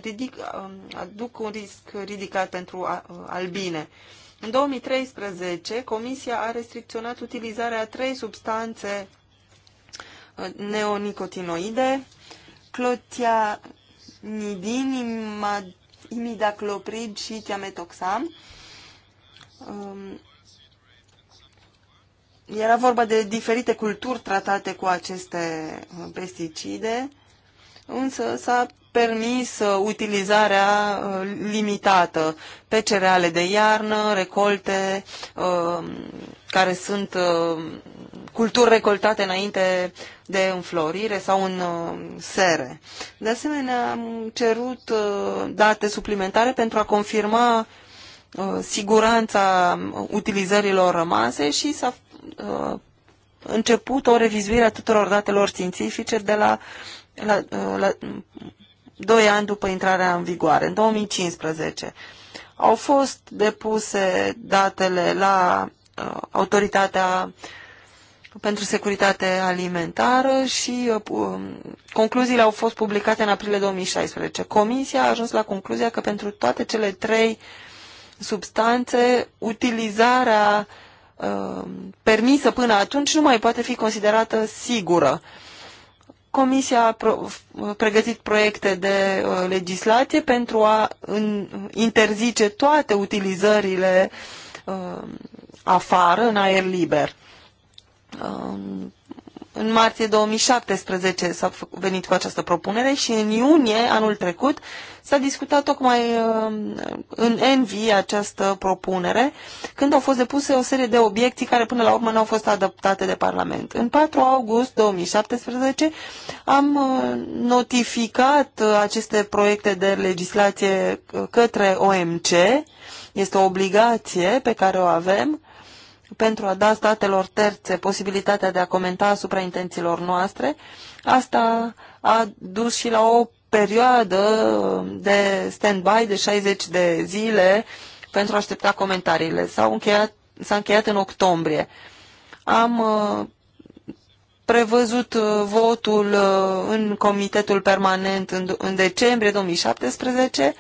ridic, um, aduc un risc ridicat pentru uh, albine. În 2013, Comisia a restricționat utilizarea a trei substanțe uh, neonicotinoide nidin, imidacloprid și tiametoxam. Um, era vorba de diferite culturi tratate cu aceste uh, pesticide, însă s-a permis uh, utilizarea uh, limitată pe cereale de iarnă, recolte care sunt culturi recoltate înainte de înflorire sau în uh, sere. De asemenea, am cerut uh, date suplimentare pentru a confirma uh, siguranța utilizărilor rămase și s-a început o revizuire a tuturor datelor științifice de la, la, la 2 ani după intrarea în vigoare, în 2015. Au fost depuse datele la autoritatea uh, pentru securitate alimentară și uh, um, concluziile au fost publicate în aprilie 2016. Comisia a ajuns la concluzia că pentru toate cele trei substanțe, utilizarea um, permisă până atunci nu mai poate fi considerată sigură. Comisia a pregătit proiecte de uh, legislație pentru a interzice toate utilizările um, afară, în aer liber în martie 2017 s-a venit cu această propunere și în iunie anul trecut s-a discutat tocmai uh, în Envi această propunere, când au fost depuse o serie de obiecții care până la urmă nu au fost adoptate de Parlament. În 4 august 2017 am uh, notificat uh, aceste proiecte de legislație către OMC, este o obligație pe care o avem, pentru a da statelor terțe posibilitatea de a comenta asupra intențiilor noastre. Asta a dus și la o perioadă de stand-by de 60 de zile pentru a aștepta comentariile. S-a încheiat, încheiat în octombrie. Am uh, prevăzut uh, votul uh, în Comitetul Permanent în, în decembrie 2017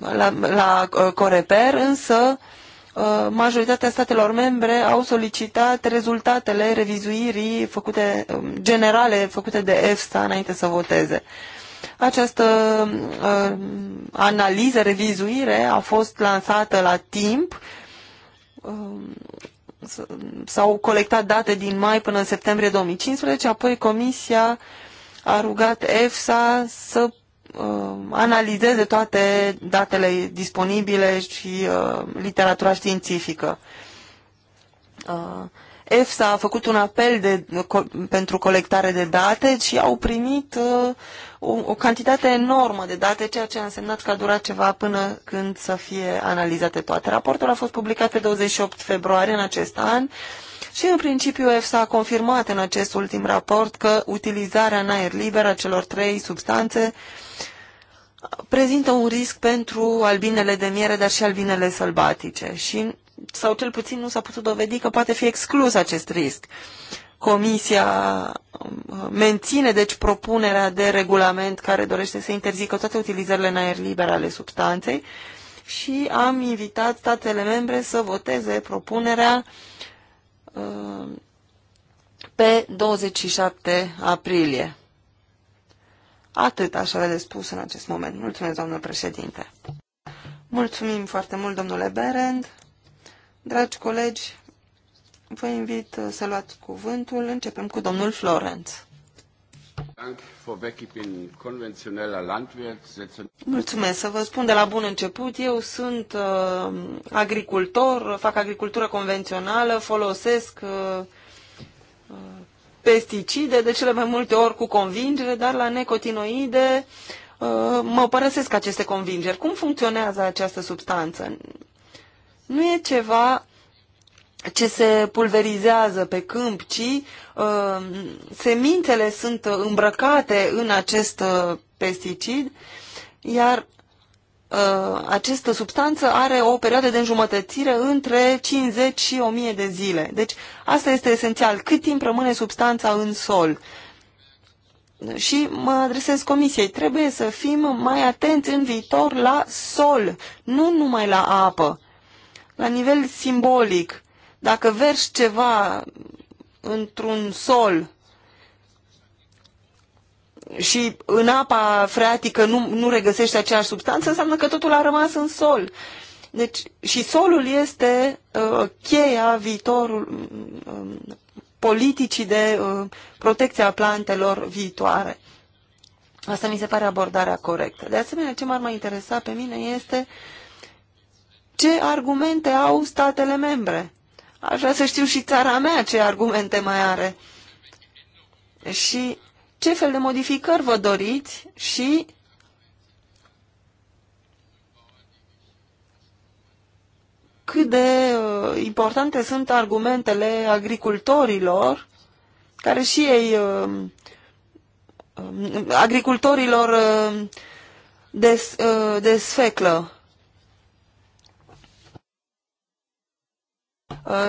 la, la Coreper, însă Uh, majoritatea statelor membre au solicitat rezultatele revizuirii făcute, um, generale făcute de EFSA înainte să voteze. Această uh, analiză, revizuire a fost lansată la timp. Uh, S-au colectat date din mai până în septembrie 2015, apoi Comisia a rugat EFSA să Um, analizeze toate datele disponibile și uh, literatura științifică. Uh, EFSA a făcut un apel de, co, pentru colectare de date și au primit uh, o, o cantitate enormă de date, ceea ce a însemnat că a durat ceva până când să fie analizate toate. Raportul a fost publicat pe 28 februarie în acest an. Uh, și în principiu EFSA a confirmat în acest ultim raport că utilizarea în aer liber a celor trei substanțe prezintă un risc pentru albinele de miere, dar și albinele sălbatice. Și, sau cel puțin nu s-a putut dovedi că poate fi exclus acest risc. Comisia um, menține, deci, propunerea de regulament care dorește să interzică toate utilizările în aer liber ale substanței și am invitat statele membre să voteze propunerea uh, Uh, pe 27 aprilie. Atât aș avea de spus în acest moment. Mulțumesc, domnule președinte. Mulțumim foarte mult, domnule Berend. Dragi colegi, vă invit să luați cuvântul. Începem cu domnul Florenț. Mulțumesc. Să vă spun de la bun început, eu sunt uh, agricultor, fac agricultură convențională, folosesc uh, uh, pesticide de cele mai multe ori cu convingere, dar la necotinoide uh, mă părăsesc aceste convingeri. Cum funcționează această substanță? Nu e ceva ce se pulverizează pe câmp, ci uh, semințele sunt îmbrăcate în acest uh, pesticid, iar uh, această substanță are o perioadă de înjumătățire între 50 și 1000 de zile. Deci asta este esențial, cât timp rămâne substanța în sol. Și mă adresez comisiei, trebuie să fim mai atenți în viitor la sol, nu numai la apă. La nivel simbolic, dacă verși ceva într-un sol și în apa freatică nu, nu regăsești aceeași substanță, înseamnă că totul a rămas în sol. Deci, și solul este uh, cheia viitorul uh, politicii de uh, protecție a plantelor viitoare. Asta mi se pare abordarea corectă. De asemenea, ce m-ar mai interesa pe mine este ce argumente au statele membre. Aș vrea să știu și țara mea ce argumente mai are. Și ce fel de modificări vă doriți și cât de uh, importante sunt argumentele agricultorilor, care și ei, uh, uh, agricultorilor uh, de, uh, de sfeclă.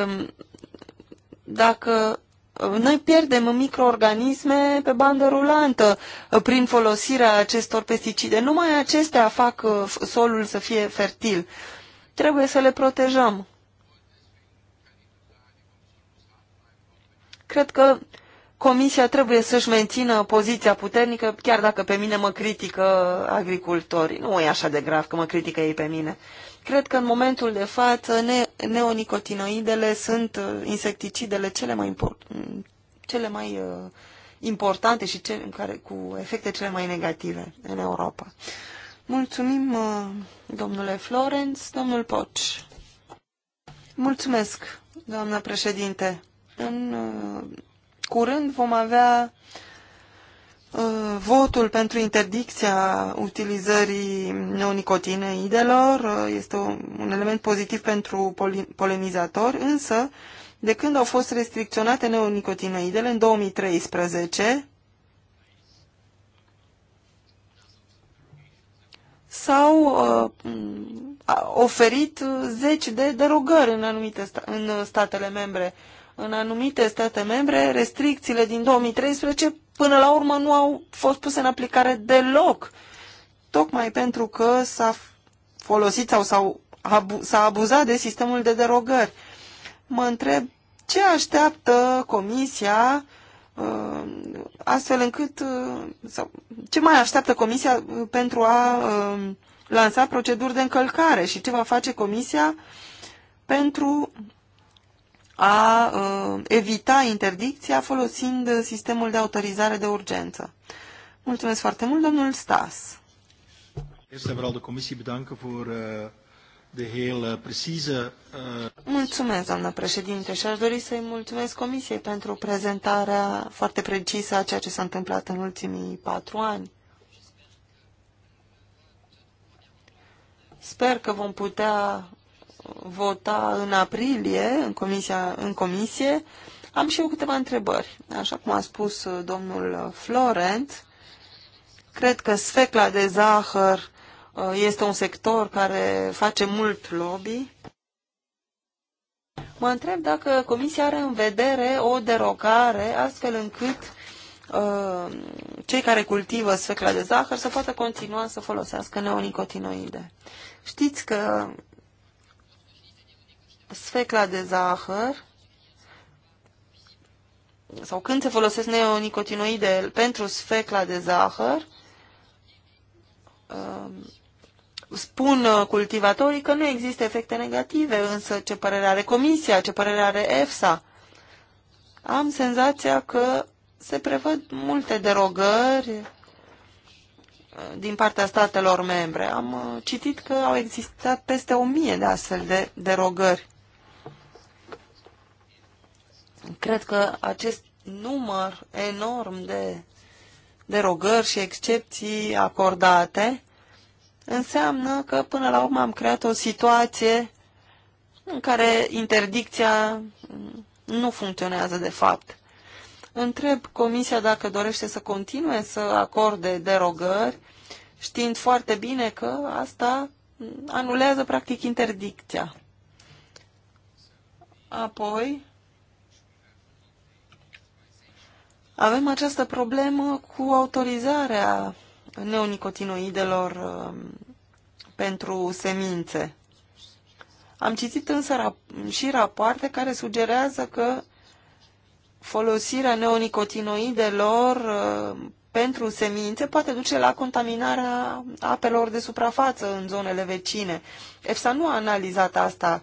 Um, dacă noi pierdem microorganisme pe bandă rulantă prin folosirea acestor pesticide, numai acestea fac uh, solul să fie fertil. Trebuie să le protejăm. Cred că Comisia trebuie să-și mențină poziția puternică, chiar dacă pe mine mă critică agricultorii. Nu e așa de grav că mă critică ei pe mine. Uh, Cred că în momentul de față ne neonicotinoidele sunt uh, insecticidele cele mai, import cele mai uh, importante și cele care, cu efecte cele mai negative în Europa. Mulțumim, uh, domnule Florence, domnul Poci. Mulțumesc, doamna președinte. În uh, curând vom avea Uh, votul pentru interdicția utilizării neonicotineidelor uh, este un element pozitiv pentru polenizatori, însă de când au fost restricționate neonicotineidele în 2013, s-au uh, oferit zeci de derogări în anumite sta în statele membre. Uh, în anumite state membre, restricțiile din 2013 până la urmă nu au fost puse în aplicare deloc, tocmai pentru că s-a folosit sau s-au abu s-a abuzat de sistemul de derogări. Mă întreb ce așteaptă Comisia uh, astfel încât, uh, sau ce mai așteaptă Comisia uh, pentru a lansa proceduri de încălcare și ce va face Comisia pentru a uh, evita interdicția folosind sistemul de autorizare de urgență. Mulțumesc foarte mult, domnul Stas. Uh, uh, mulțumesc, doamnă președinte, și aș dori să-i mulțumesc Comisiei pentru prezentarea foarte precisă a ceea ce s-a întâmplat în ultimii patru ani. Sper că vom putea vota în aprilie în, comisia, în comisie, am și eu câteva întrebări. Așa cum a spus uh, domnul Florent, cred că sfecla de zahăr uh, este un sector care face mult lobby. Mă întreb dacă Comisia are în vedere o derogare astfel încât uh, cei care cultivă sfecla de zahăr să poată continua să folosească neonicotinoide. Știți că sfecla de zahăr sau când se folosesc neonicotinoide pentru sfecla de zahăr, um, spun cultivatorii că nu există efecte negative, însă ce părere are Comisia, ce părere are EFSA? Am senzația că se prevăd multe derogări uh, din partea statelor membre. Am uh, citit că au existat peste o mie de astfel de derogări. Cred că acest număr enorm de derogări și excepții acordate înseamnă că până la urmă am creat o situație în care interdicția nu funcționează de fapt. Întreb Comisia dacă dorește să continue să acorde derogări, știind foarte bine că asta anulează practic interdicția. Apoi, Avem această problemă cu autorizarea neonicotinoidelor um, pentru semințe. Am citit însă și rapoarte care sugerează că folosirea neonicotinoidelor um, pentru semințe poate duce la contaminarea apelor de suprafață în zonele vecine. EFSA nu a analizat asta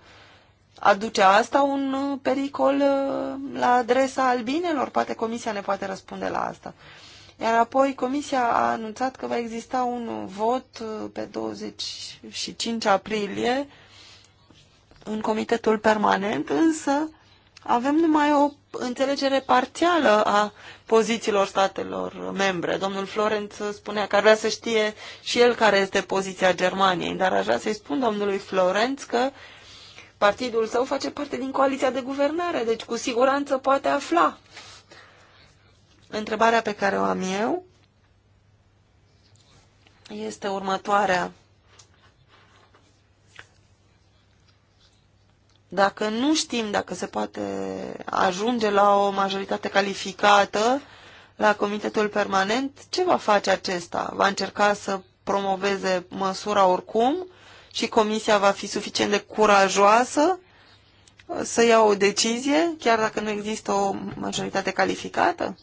Aduce asta un uh, pericol uh, la adresa albinelor? Poate comisia ne poate răspunde la asta. Iar apoi comisia a anunțat că va exista un vot uh, pe 25 aprilie în comitetul permanent, însă avem numai o înțelegere parțială a pozițiilor statelor membre. Domnul Florent spunea că ar vrea să știe și el care este poziția Germaniei, dar aș vrea să-i spun domnului Florent că uh, partidul său face parte din coaliția de guvernare, deci cu siguranță poate afla. Întrebarea pe care o am eu este următoarea. Dacă nu știm dacă se poate ajunge la o majoritate calificată la comitetul permanent, ce va face acesta? Va încerca să promoveze măsura oricum? și Comisia va fi suficient de curajoasă uh, să ia o decizie, chiar dacă nu există o majoritate calificată?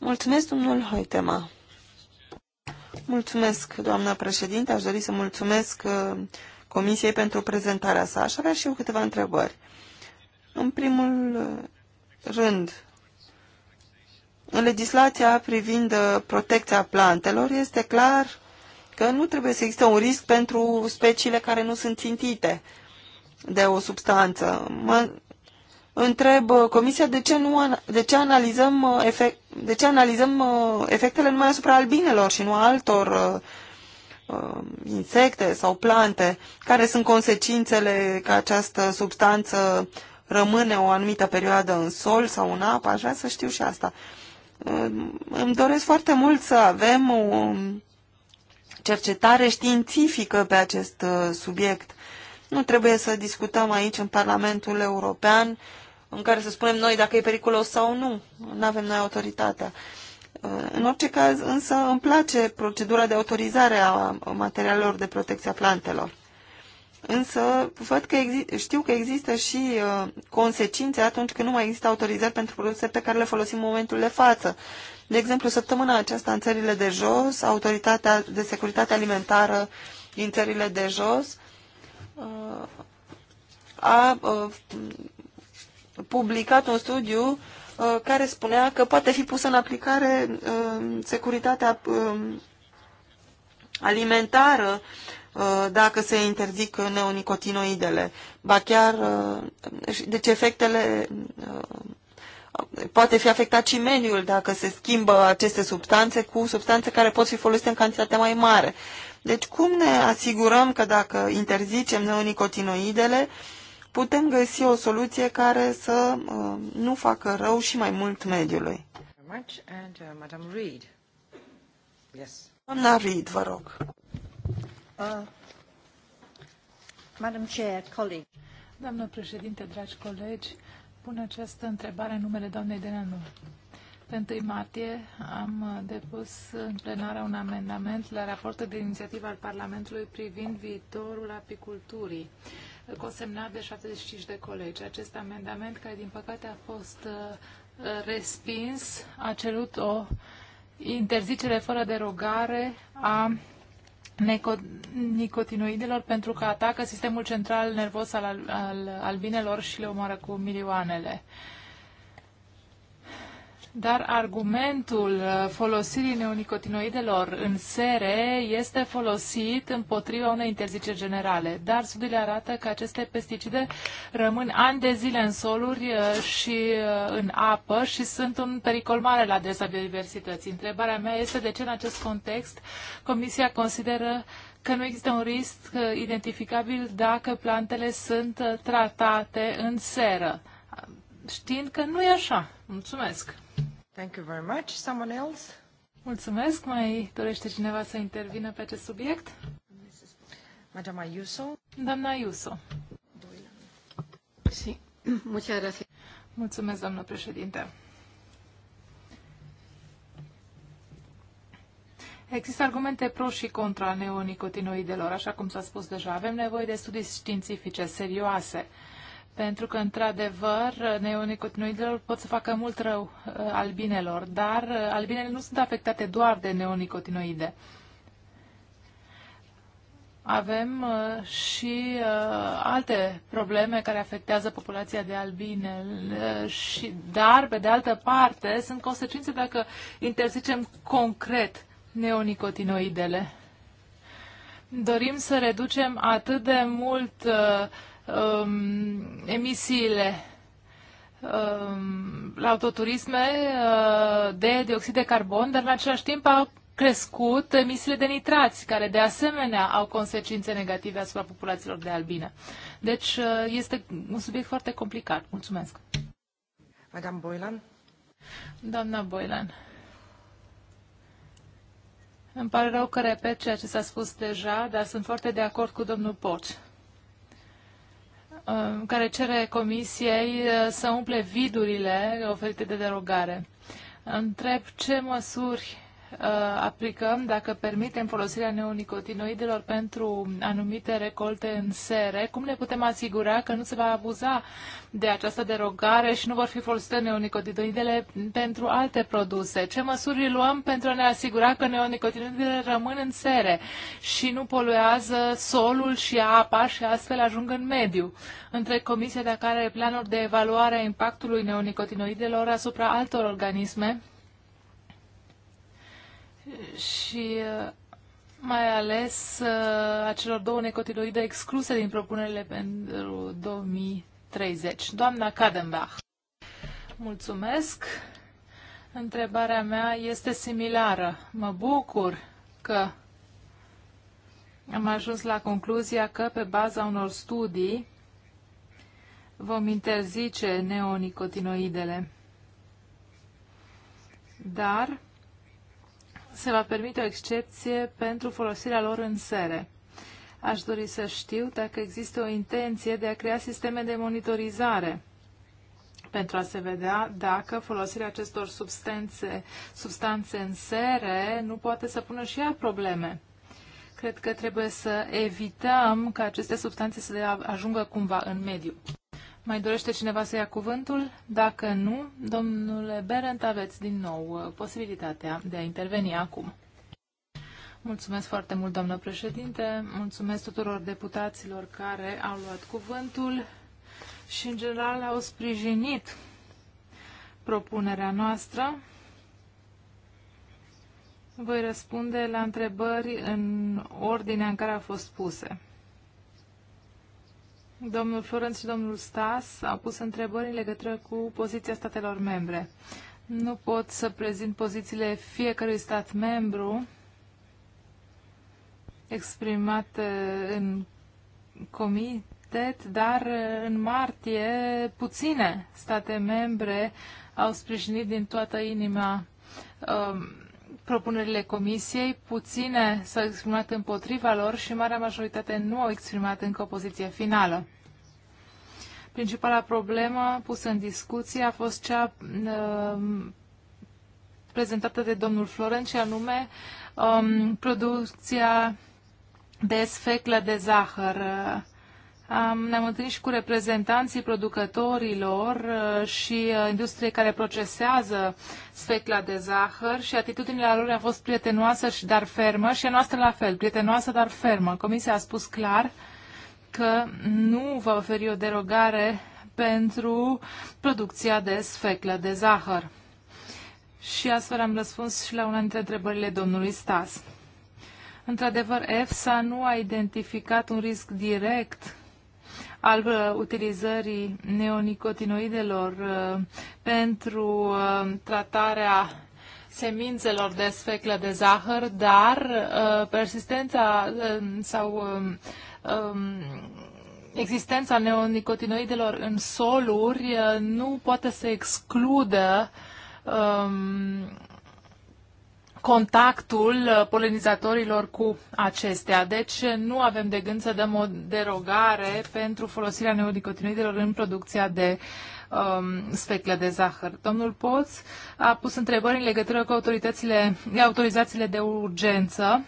Mulțumesc, domnul Hoitema. Mulțumesc, doamna președinte. Aș dori să mulțumesc uh, Comisiei pentru prezentarea sa. Aș avea și eu câteva întrebări. În primul uh, rând, în legislația privind protecția plantelor este clar că nu trebuie să existe un risc pentru speciile care nu sunt țintite de o substanță. Mă întreb uh, Comisia de ce, nu, de ce analizăm, uh, efect, de ce analizăm uh, efectele numai asupra albinelor și nu altor uh, insecte sau plante, care sunt consecințele că această substanță rămâne o anumită perioadă în sol sau în apă, aș vrea să știu și asta. Îmi doresc foarte mult să avem un, cercetare științifică pe acest uh, subiect. Nu trebuie să discutăm aici în Parlamentul European în care să spunem noi dacă e periculos sau nu. Nu avem noi autoritatea. Uh, în orice caz, însă, îmi place procedura de autorizare a materialelor de protecție a plantelor. Însă, văd că știu că există și uh, consecințe atunci când nu mai există autorizări pentru produse pe care le folosim în momentul de față. De exemplu, săptămâna aceasta în țările de jos, Autoritatea de Securitate Alimentară din țările de jos uh, a uh, publicat un studiu uh, care spunea că poate fi pusă în aplicare securitatea alimentară dacă se interzic neonicotinoidele. Ba chiar, deci efectele poate fi afectat și mediul dacă se schimbă aceste substanțe cu substanțe care pot fi folosite în cantitate mai mare. Deci cum ne asigurăm că dacă interzicem neonicotinoidele, putem găsi o soluție care să uh, nu facă rău și mai mult mediului? Uh, Doamna Reid, vă rog. Uh, Madam Chair, Doamnă președinte, dragi colegi, pun această întrebare în numele doamnei Denanu. Pe 1 martie am depus în plenară un amendament la raportul de inițiativă al Parlamentului privind viitorul apiculturii, consemnat de 75 de colegi. Acest amendament, care din păcate a fost uh, respins, a cerut o interzicere fără derogare a nicotinoidelor pentru că atacă sistemul central nervos al, al albinelor și le omoară cu milioanele. Uh, dar argumentul uh, folosirii neonicotinoidelor în sere este folosit împotriva unei interziceri generale. Dar studiile arată că aceste pesticide rămân ani de zile în soluri uh, și uh, în apă și sunt un pericol mare la adresa biodiversității. Întrebarea mea este de ce în acest context Comisia consideră că nu există un risc identificabil dacă plantele sunt tratate în seră, știind că nu e așa. Mulțumesc! Thank you very much. Someone else? Mulțumesc. Mai dorește cineva să intervină pe acest subiect? Madame Ayuso. Doamna Ayuso. Si. <clears throat> Mulțumesc, doamnă președinte. Există argumente pro și contra neonicotinoidelor, așa cum s-a spus deja. Avem nevoie de studii științifice serioase pentru că, într-adevăr, neonicotinoidele pot să facă mult rău uh, albinelor, dar uh, albinele nu sunt afectate doar de neonicotinoide. Avem uh, și alte probleme care afectează populația de albine, și, dar, pe de altă parte, sunt consecințe dacă interzicem concret neonicotinoidele. Dorim să reducem atât de mult uh, um, emisiile um, la autoturisme uh, de dioxid de carbon, dar în același timp au crescut emisiile de nitrați, care de asemenea au consecințe negative asupra populațiilor de albine. Deci uh, este un subiect foarte complicat. Mulțumesc. Madame Boylan. Doamna Boylan. Îmi pare rău că repet ceea ce s-a spus deja, dar sunt foarte de acord cu domnul Poci. Uh, care cere comisiei uh, să umple vidurile oferite de derogare. Întreb ce măsuri Uh, aplicăm dacă permitem folosirea neonicotinoidelor pentru anumite recolte în sere? Cum ne putem asigura că nu se va abuza de această derogare și nu vor fi folosite neonicotinoidele pentru alte produse? Ce măsuri luăm pentru a ne asigura că neonicotinoidele rămân în sere și nu poluează solul și apa și astfel ajung în mediu? Între comisie dacă are planuri de evaluare a impactului neonicotinoidelor asupra altor organisme și uh, mai ales uh, a celor două necotiloide excluse din propunerile pentru 2030. Doamna Kadenbach. Mulțumesc. Întrebarea mea este similară. Mă bucur că am ajuns la concluzia că pe baza unor studii vom interzice neonicotinoidele. Dar se va permite o excepție pentru folosirea lor în sere. Aș dori să știu dacă există o intenție de a crea sisteme de monitorizare pentru a se vedea dacă folosirea acestor substanțe, substanțe în sere nu poate să pună și ea probleme. Cred că trebuie să evităm ca aceste substanțe să ajungă cumva în mediu. Mai dorește cineva să ia cuvântul? Dacă nu, domnule Berent, aveți din nou uh, posibilitatea de a interveni acum. Mulțumesc foarte mult, doamnă președinte. Mulțumesc tuturor deputaților care au luat cuvântul și, în general, au sprijinit propunerea noastră. Voi răspunde la întrebări în ordinea în care au fost puse. Domnul Florenț și domnul Stas au pus întrebări în legătură cu poziția statelor membre. Nu pot să prezint pozițiile fiecărui stat membru exprimate în comitet, dar uh, în martie puține state membre au sprijinit din toată inima um, propunerile comisiei, puține s-au exprimat împotriva lor și marea majoritate nu au exprimat încă o poziție finală. Principala problemă pusă în discuție a fost cea uh, prezentată de domnul Florent și anume um, producția de sfeclă de zahăr. Uh, ne-am întâlnit și cu reprezentanții producătorilor uh, și uh, industriei care procesează sfecla de zahăr și atitudinea lor a fost prietenoasă, și dar fermă și a noastră la fel, prietenoasă, dar fermă. Comisia a spus clar că nu va oferi o derogare pentru producția de sfeclă de zahăr. Și astfel am răspuns și la una dintre întrebările domnului Stas. Într-adevăr, EFSA nu a identificat un risc direct al uh, utilizării neonicotinoidelor uh, pentru uh, tratarea semințelor de sfeclă de zahăr, dar persistența sau um, um, existența neonicotinoidelor în soluri nu poate să excludă um, contactul uh, polenizatorilor cu acestea. Deci uh, nu avem de gând să dăm o derogare pentru folosirea neonicotinoidelor în producția de um, specle de zahăr. Domnul Poț a pus întrebări în legătură cu autoritățile, autorizațiile de urgență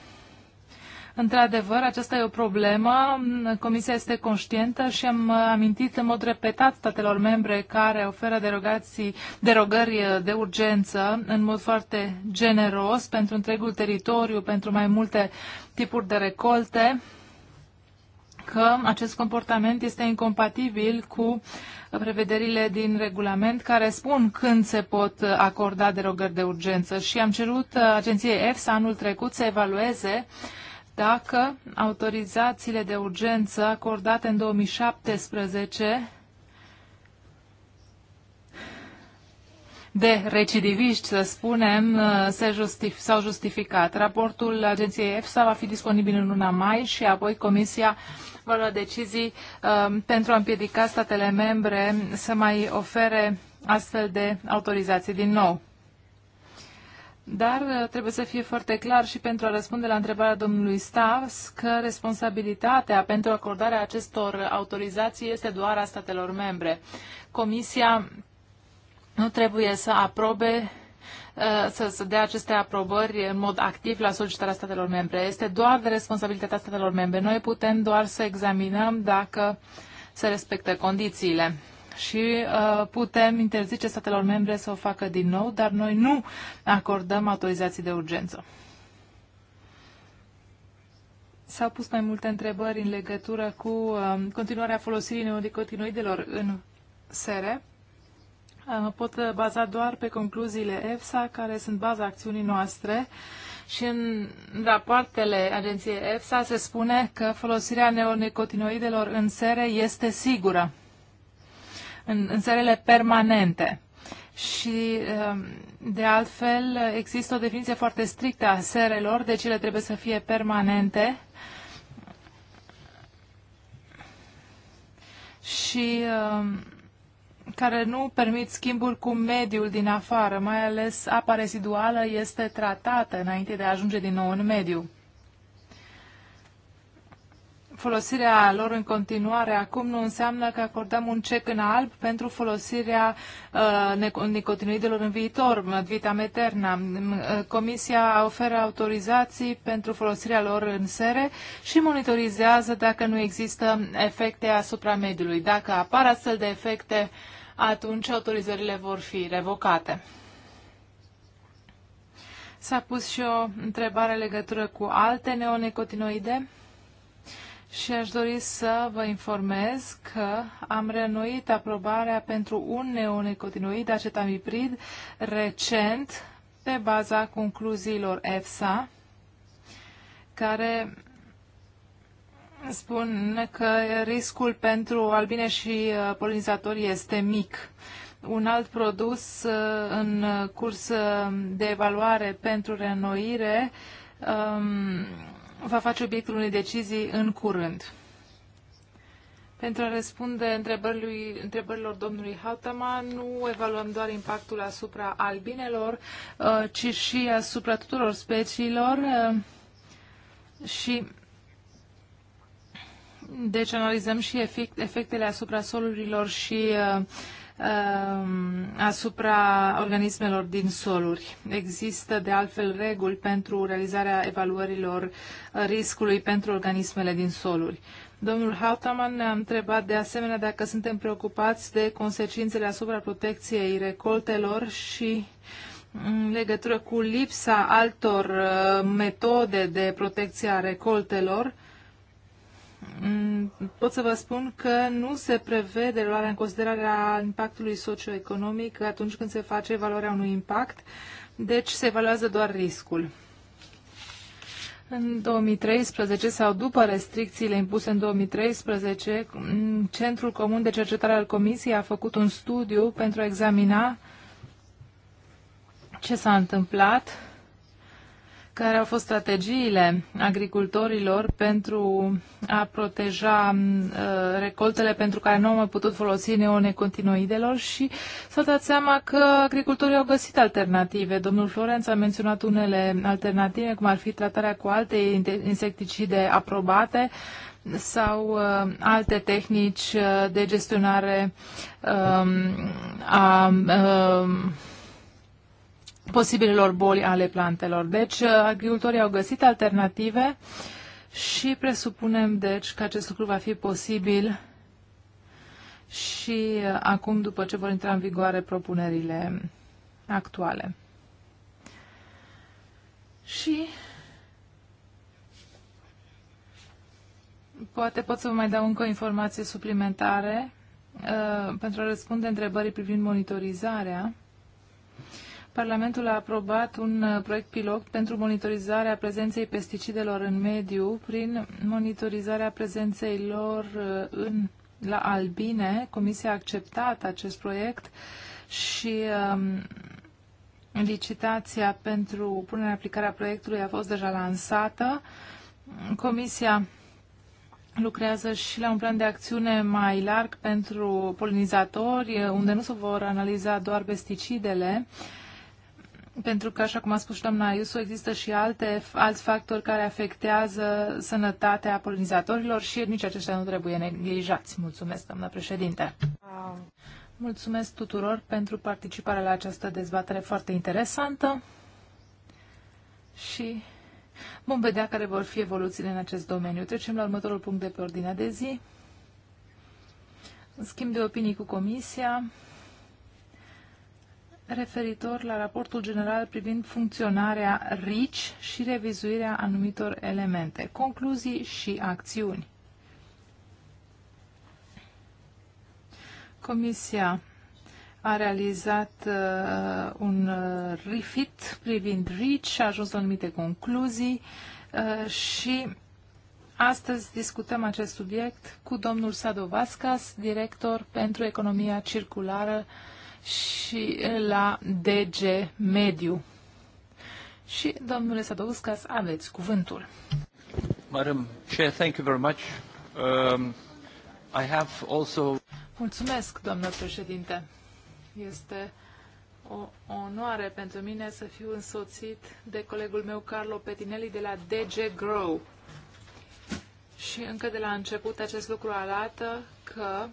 Într-adevăr, aceasta e o problemă. Comisia este conștientă și am amintit în mod repetat statelor membre care oferă derogații, derogări de urgență în mod foarte generos pentru întregul teritoriu, pentru mai multe tipuri de recolte că acest comportament este incompatibil cu prevederile din regulament care spun când se pot acorda derogări de urgență și am cerut agenției EFSA anul trecut să evalueze uh, dacă autorizațiile de urgență acordate în 2017 de recidiviști, să spunem, uh, s-au justificat. Raportul agenției EFSA va fi disponibil în luna mai și apoi Comisia va lua decizii um, pentru a împiedica statele membre să mai ofere astfel de autorizații din nou. Dar uh, trebuie să fie foarte clar și pentru a răspunde la întrebarea domnului Stavs că responsabilitatea pentru acordarea acestor autorizații este doar a statelor membre. Comisia nu trebuie să aprobe uh, să, să dea aceste aprobări în mod activ la solicitarea statelor membre. Este doar de responsabilitatea statelor membre. Noi putem doar să examinăm dacă se respectă condițiile și uh, putem interzice statelor membre să o facă din nou, dar noi nu acordăm autorizații de urgență. S-au pus mai multe întrebări în legătură cu uh, continuarea folosirii neonicotinoidelor în sere. Uh, pot uh, baza doar pe concluziile EFSA, care sunt baza acțiunii noastre. Și în rapoartele agenției EFSA se spune că folosirea neonicotinoidelor în sere este sigură în, în serele permanente. Și, um, de altfel, există o definiție foarte strictă a serelor, deci ele trebuie să fie permanente și um, care nu permit schimburi cu mediul din afară, mai ales apa reziduală este tratată înainte de a ajunge din nou în mediu folosirea lor în continuare acum nu înseamnă că acordăm un cec în alb pentru folosirea uh, nicotinoidelor în viitor, vitam eterna. Uh, comisia oferă autorizații pentru folosirea lor în sere și monitorizează dacă nu există efecte asupra mediului. Dacă apar astfel de efecte, atunci autorizările vor fi revocate. S-a pus și o întrebare legătură cu alte neonicotinoide și aș dori să vă informez că am renuit aprobarea pentru un neonicotinoid acetamiprid recent pe baza concluziilor EFSA, care spun că riscul pentru albine și uh, polinizatori este mic. Un alt produs uh, în curs uh, de evaluare pentru reînnoire um, va face obiectul unei decizii în curând. Pentru a răspunde întrebărilor, domnului Hautama, nu evaluăm doar impactul asupra albinelor, uh, ci și asupra tuturor speciilor uh, și deci analizăm și efectele asupra solurilor și uh, Um, asupra organismelor din soluri. Există, de altfel, reguli pentru realizarea evaluărilor riscului pentru organismele din soluri. Domnul Hautaman ne-a întrebat de asemenea dacă suntem preocupați de consecințele asupra protecției recoltelor și mm, în legătură cu lipsa altor uh, metode de protecție a recoltelor Mm, pot să vă spun că nu se prevede luarea în considerare a impactului socioeconomic atunci când se face evaluarea unui impact, deci se evaluează doar riscul. În 2013 sau după restricțiile impuse în 2013, mm, Centrul Comun de Cercetare al Comisiei a făcut un studiu pentru a examina ce s-a întâmplat care au fost strategiile agricultorilor pentru a proteja uh, recoltele pentru care nu au mai putut folosi neonecontinoidelor și s a dat seama că agricultorii au găsit alternative. Domnul Florenț a menționat unele alternative, cum ar fi tratarea cu alte insecticide aprobate sau uh, alte tehnici uh, de gestionare uh, a uh, posibililor boli ale plantelor. Deci, uh, agricultorii au găsit alternative și presupunem, deci, că acest lucru va fi posibil și uh, acum, după ce vor intra în vigoare propunerile actuale. Și poate pot să vă mai dau încă o informație suplimentare uh, pentru a răspunde întrebării privind monitorizarea. Parlamentul a aprobat un uh, proiect pilot pentru monitorizarea prezenței pesticidelor în mediu prin monitorizarea prezenței lor uh, în, la albine. Comisia a acceptat acest proiect și um, licitația pentru punerea în aplicare a proiectului a fost deja lansată. Comisia lucrează și la un plan de acțiune mai larg pentru polinizatori, uh, unde nu se vor analiza doar pesticidele, uh, pentru că, așa cum a spus și doamna Iusu, există și alte, alți factori care afectează sănătatea polinizatorilor și nici aceștia nu trebuie neglijați. Mulțumesc, doamna președinte. Mulțumesc tuturor pentru participarea la această dezbatere foarte interesantă și vom vedea care vor fi evoluțiile în acest domeniu. Trecem la următorul punct de pe ordinea de zi. Schimb de opinii cu Comisia referitor la raportul general privind funcționarea RICI și revizuirea anumitor elemente, concluzii și acțiuni. Comisia a realizat uh, un uh, refit privind RICI, a ajuns la anumite concluzii uh, și Astăzi discutăm acest subiect cu domnul Sadovascas, director pentru economia circulară uh, și la DG Mediu. Și, domnule Sadovskas, aveți cuvântul. Madam Chair, thank you very much. Um, I have also... Mulțumesc, doamnă președinte. Este o onoare pentru mine să fiu însoțit de colegul meu Carlo Petinelli de la DG Grow. Și încă de la început acest lucru arată că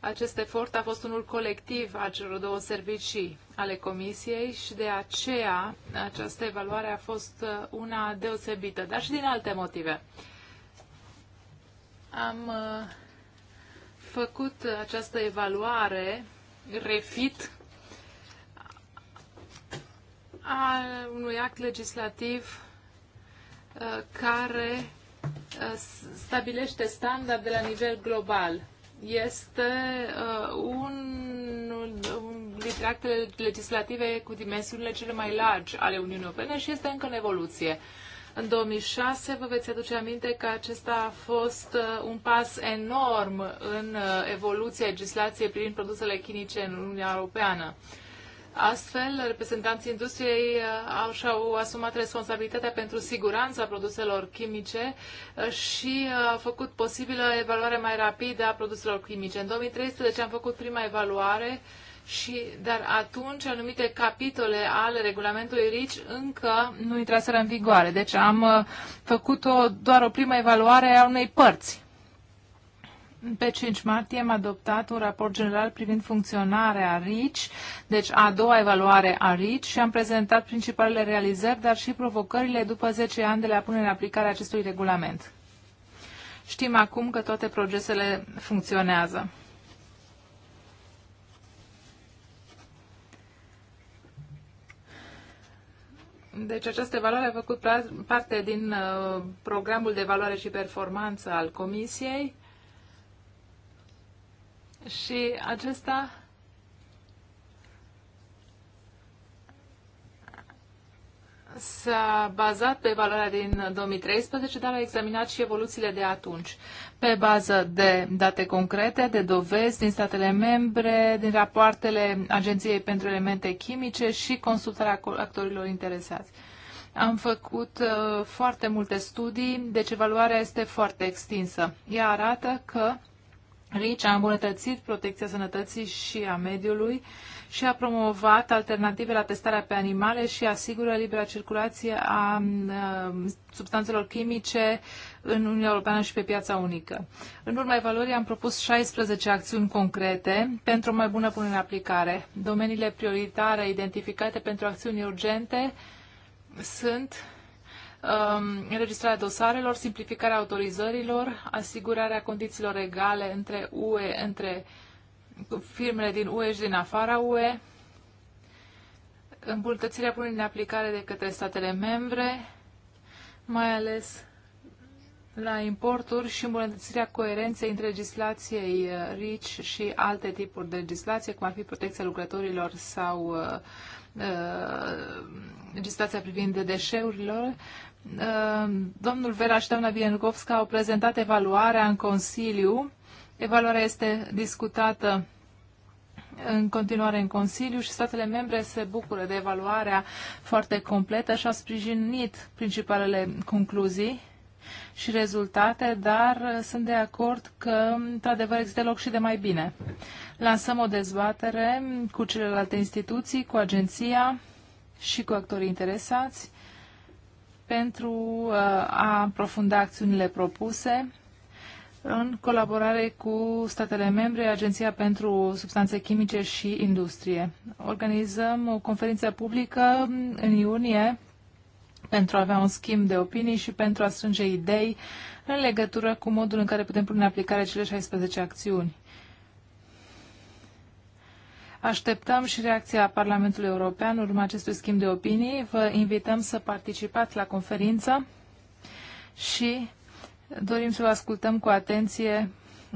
acest efort a fost unul colectiv a celor două servicii ale Comisiei și de aceea această evaluare a fost uh, una deosebită, dar și din alte motive. Am uh, făcut această evaluare refit a unui act legislativ uh, care stabilește standarde la nivel global este uh, unul dintre actele legislative cu dimensiunile cele mai largi ale Uniunii Europene și este încă în evoluție. În 2006 vă veți aduce aminte că acesta a fost uh, un pas enorm în uh, evoluția legislației privind produsele chimice în Uniunea Europeană. Uh, Astfel, reprezentanții industriei uh, au, și-au asumat responsabilitatea pentru siguranța produselor chimice uh, și uh, au făcut posibilă evaluare mai rapidă a produselor chimice. În 2013 am făcut prima evaluare și, dar atunci anumite capitole ale regulamentului RICI încă nu intraseră în vigoare. Deci am făcut o, doar o primă evaluare a unei părți. Pe 5 martie am adoptat un raport general privind funcționarea RICI, deci a doua evaluare a RICI și am prezentat principalele realizări, dar și provocările după 10 ani de la punerea în aplicare a acestui regulament. Știm acum că toate procesele funcționează. Deci această evaluare a făcut parte din uh, programul de evaluare și performanță al Comisiei și acesta s-a bazat pe valoarea din 2013, dar a examinat și evoluțiile de atunci, pe bază de date concrete, de dovezi din statele membre, din rapoartele Agenției pentru Elemente Chimice și consultarea actorilor interesați. Am făcut uh, foarte multe studii, deci evaluarea este foarte extinsă. Ea arată că RICI a îmbunătățit protecția sănătății și a mediului și a promovat alternative la testarea pe animale și asigură libera circulație a substanțelor chimice în Uniunea Europeană și pe piața unică. În urma evaluării am propus 16 acțiuni concrete pentru o mai bună punere în aplicare. Domeniile prioritare identificate pentru acțiuni urgente sunt Um, înregistrarea dosarelor, simplificarea autorizărilor, asigurarea condițiilor egale între UE, între firmele din UE și din afara UE, îmbunătățirea punerii în aplicare de către statele membre, mai ales la importuri și îmbunătățirea coerenței între legislației uh, RICI și alte tipuri de legislație, cum ar fi protecția lucrătorilor sau uh, uh legislația privind de deșeurilor, Uh, domnul Vera și doamna Bienkovska au prezentat evaluarea în Consiliu. Evaluarea este discutată în continuare în Consiliu și statele membre se bucură de evaluarea foarte completă și au sprijinit principalele concluzii și rezultate, dar sunt de acord că, într-adevăr, există loc și de mai bine. Lansăm o dezbatere cu celelalte instituții, cu agenția și cu actorii interesați pentru uh, a aprofunda acțiunile propuse în colaborare cu statele membre, Agenția pentru Substanțe Chimice și Industrie. Organizăm o conferință publică în iunie pentru a avea un schimb de opinii și pentru a strânge idei în legătură cu modul în care putem pune în aplicare cele 16 acțiuni. Așteptăm și reacția Parlamentului European în urma acestui schimb de opinii. Vă invităm să participați la conferință și dorim să vă ascultăm cu atenție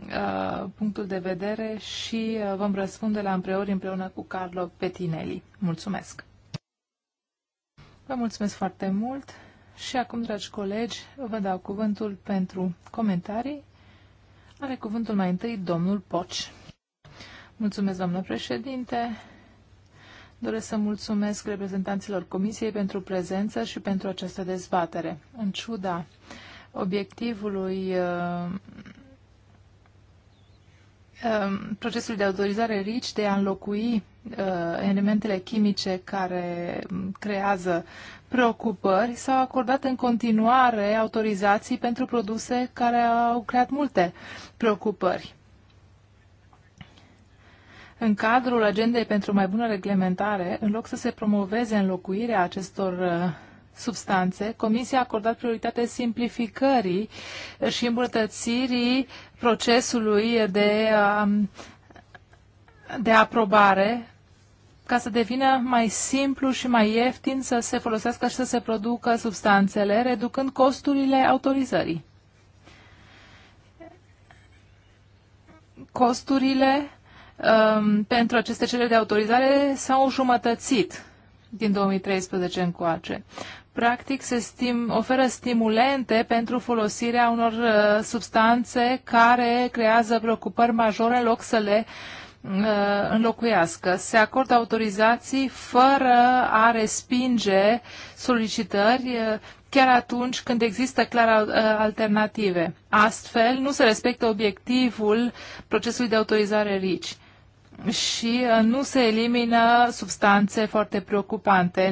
uh, punctul de vedere și uh, vom răspunde la împreori împreună cu Carlo Petinelli. Mulțumesc! Vă mulțumesc foarte mult și acum, dragi colegi, vă dau cuvântul pentru comentarii. Are cuvântul mai întâi domnul Poci. Mulțumesc, doamnă președinte. Doresc să mulțumesc reprezentanților Comisiei pentru prezență și pentru această dezbatere. În ciuda obiectivului uh, uh, procesul de autorizare RICI de a înlocui uh, elementele chimice care creează preocupări, s-au acordat în continuare autorizații pentru produse care au creat multe preocupări. În cadrul agendei pentru mai bună reglementare, în loc să se promoveze înlocuirea acestor uh, substanțe, Comisia a acordat prioritate simplificării și îmbunătățirii procesului de, um, de aprobare ca să devină mai simplu și mai ieftin să se folosească și să se producă substanțele, reducând costurile autorizării. Costurile um, pentru aceste cereri de autorizare s-au jumătățit din 2013 încoace. Practic, se stim, oferă stimulente pentru folosirea unor uh, substanțe care creează preocupări majore în loc să le uh, înlocuiască. Se acordă autorizații fără a respinge solicitări uh, chiar atunci când există clar uh, alternative. Astfel, nu se respectă obiectivul procesului de autorizare RICI și uh, nu se elimină substanțe foarte preocupante.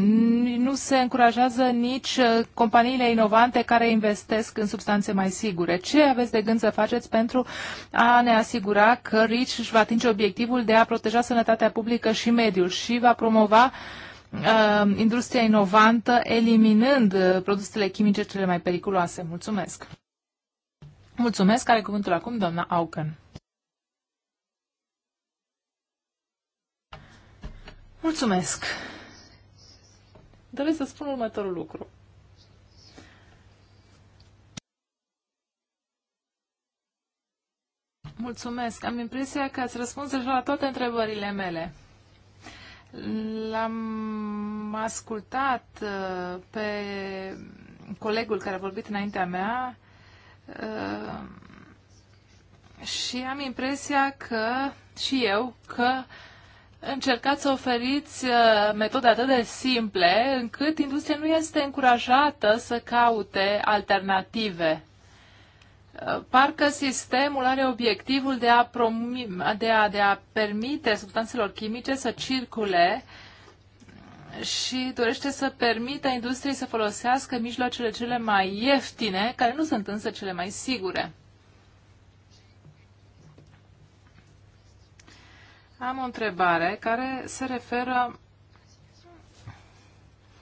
Nu se încurajează nici uh, companiile inovante care investesc în substanțe mai sigure. Ce aveți de gând să faceți pentru a ne asigura că RICI își va atinge obiectivul de a proteja sănătatea publică și mediul și va promova uh, industria inovantă, eliminând uh, produsele chimice cele mai periculoase? Mulțumesc! Mulțumesc! Are cuvântul acum doamna Auken. Mulțumesc! Doresc să spun următorul lucru. Mulțumesc. Am impresia că ați răspuns deja la toate întrebările mele. L-am ascultat uh, pe colegul care a vorbit înaintea mea uh, și am impresia că și eu că încercați să oferiți uh, metode atât de simple încât industria nu este încurajată să caute alternative. Uh, parcă sistemul are obiectivul de a, de a, de a permite substanțelor chimice să circule și dorește să permită industriei să folosească mijloacele cele mai ieftine, care nu sunt însă cele mai sigure. Am o întrebare care se referă,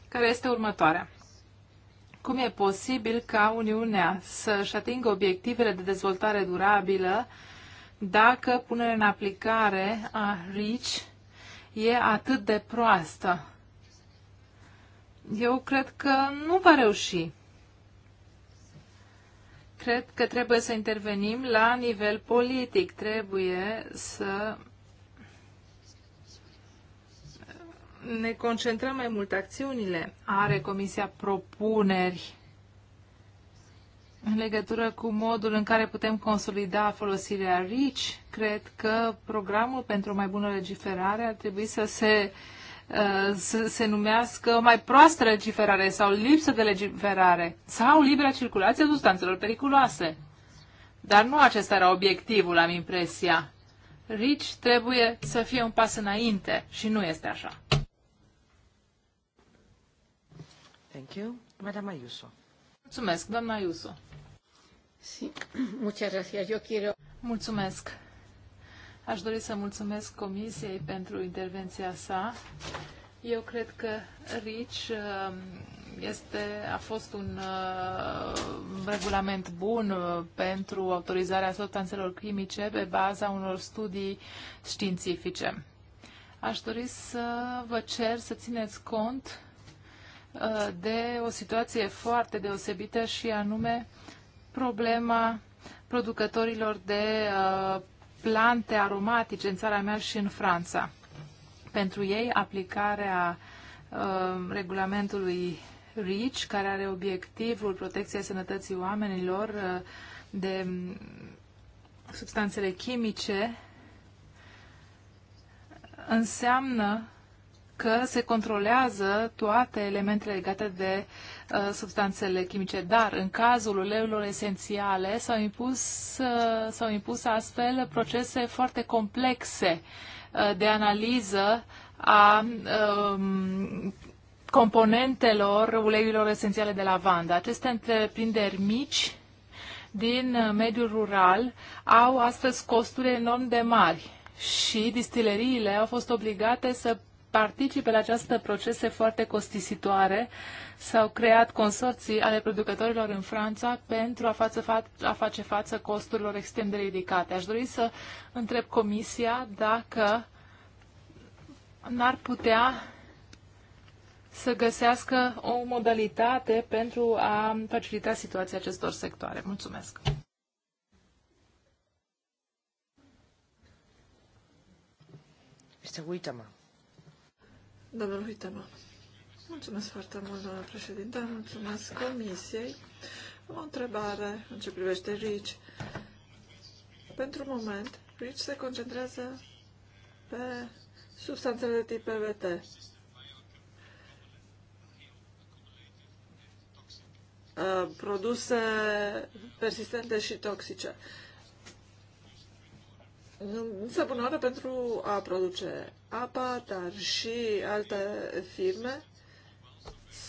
care este următoarea. Cum e posibil ca Uniunea să-și atingă obiectivele de dezvoltare durabilă dacă punerea în aplicare a RICI e atât de proastă? Eu cred că nu va reuși. Cred că trebuie să intervenim la nivel politic. Trebuie să ne concentrăm mai mult acțiunile. Are Comisia propuneri în legătură cu modul în care putem consolida folosirea RICI? cred că programul pentru o mai bună legiferare ar trebui să se, uh, să se numească o mai proastă legiferare sau lipsă de legiferare sau libera circulație a substanțelor periculoase. Dar nu acesta era obiectivul, am impresia. RICH trebuie să fie un pas înainte și nu este așa. Thank you. Madame Ayuso. Mulțumesc, doamna Ayuso. Sí. <clears throat> Muchas gracias. Yo quiero... Mulțumesc. Aș dori să mulțumesc Comisiei pentru intervenția sa. Eu cred că RICI um, este, a fost un uh, regulament bun uh, pentru autorizarea substanțelor chimice pe baza unor studii științifice. Aș dori să vă cer să țineți cont Uh, de o situație foarte deosebită și anume problema producătorilor de uh, plante aromatice în țara mea și în Franța. Pentru ei, aplicarea uh, regulamentului RICH, care are obiectivul protecției sănătății oamenilor de mm, substanțele chimice, înseamnă că se controlează toate elementele legate de uh, substanțele chimice, dar în cazul uleiurilor esențiale s-au impus, uh, s-au impus astfel procese foarte complexe uh, de analiză a um, componentelor uleiurilor esențiale de lavandă. Aceste întreprinderi mici din mediul rural au astăzi costuri enorm de mari și distileriile au fost obligate să participe la această procese foarte costisitoare. S-au creat consorții ale producătorilor în Franța pentru a, față, a face față costurilor extrem de ridicate. Aș dori să întreb Comisia dacă n-ar putea să găsească o modalitate pentru a facilita situația acestor sectoare. Mulțumesc! Mr. Uitama. Domnul Huitema. Mulțumesc foarte mult, domnule președinte. Mulțumesc comisiei. O întrebare în ce privește RICI. Pentru moment, RICI se concentrează pe substanțele de tip PVT. Ă, produse persistente și toxice. Uh, se pun oară pentru a produce apa, dar și alte firme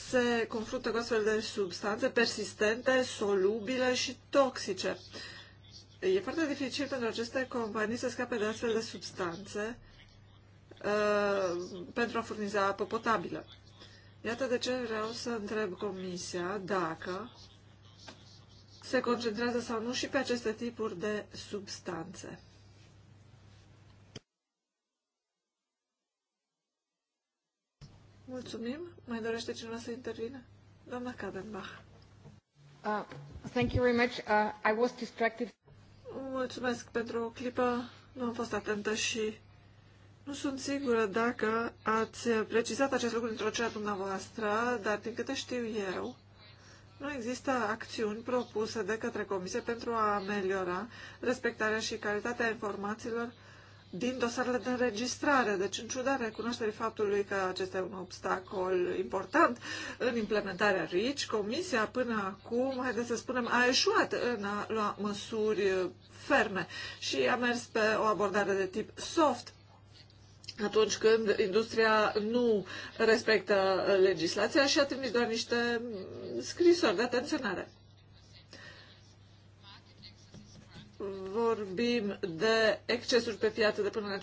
se confruntă cu astfel de substanțe persistente, solubile și toxice. E foarte dificil pentru aceste companii să scape de astfel de substanțe uh, pentru a furniza apă potabilă. Iată de ce vreau să întreb Comisia dacă se concentrează sau nu și pe aceste tipuri de substanțe. Mulțumim. Mai dorește cineva să intervine? Doamna Kadenbach. Uh, thank you very much. Uh, I was distracted. Mulțumesc pentru o clipă. Nu am fost atentă și nu sunt sigură dacă ați precizat acest lucru într-o cea dumneavoastră, dar din câte știu eu, nu există acțiuni propuse de către Comisie pentru a ameliora respectarea și calitatea informațiilor uh, din dosarele de înregistrare. Deci, în ciuda recunoașterii faptului că acesta e un obstacol important în implementarea RICI, Comisia până acum, haideți să spunem, a eșuat în a lua măsuri ferme și a mers pe o abordare de tip soft atunci când industria nu respectă legislația și a trimis doar niște scrisori de atenționare. vorbim de excesuri pe piață de până la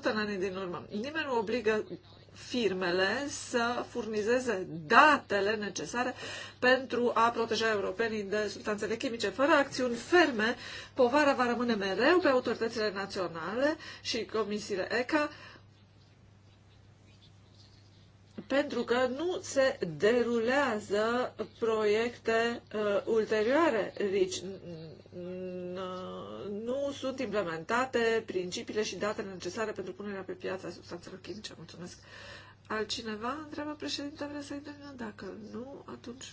50% în anii din urmă. Nimeni nu obligă firmele să furnizeze datele necesare pentru a proteja europenii de substanțele chimice. Fără acțiuni ferme, povara va rămâne mereu pe autoritățile naționale și comisiile ECA, pentru că nu se derulează proiecte uh, ulterioare. Deci, sunt implementate principiile și datele necesare pentru punerea pe piață a substanțelor chimice. Mulțumesc. Altcineva întreabă președinte, vrea să intervină? Dacă nu, atunci,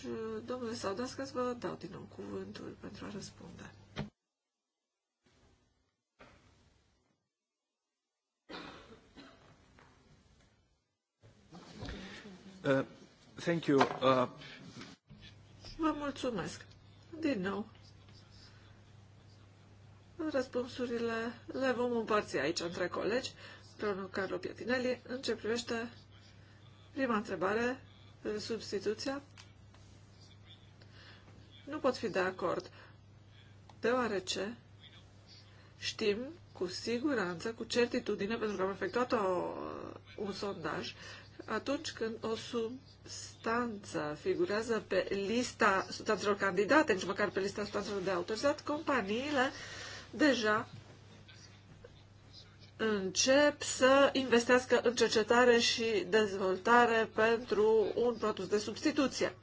domnule Saudascas, vă dau din nou cuvântul pentru a răspunde. Uh, thank you. Uh... Vă mulțumesc. Din nou, Răspunsurile le vom împărți aici între colegi, domnul Carlo Pietinelli, în ce privește prima întrebare, substituția. Nu pot fi de acord, deoarece știm cu siguranță, cu certitudine, pentru că am efectuat o, un sondaj, atunci când o substanță figurează pe lista substanțelor candidate, nici măcar pe lista substanțelor de autorizat, companiile uh, deja încep să investească în cercetare și dezvoltare pentru un produs de substituție.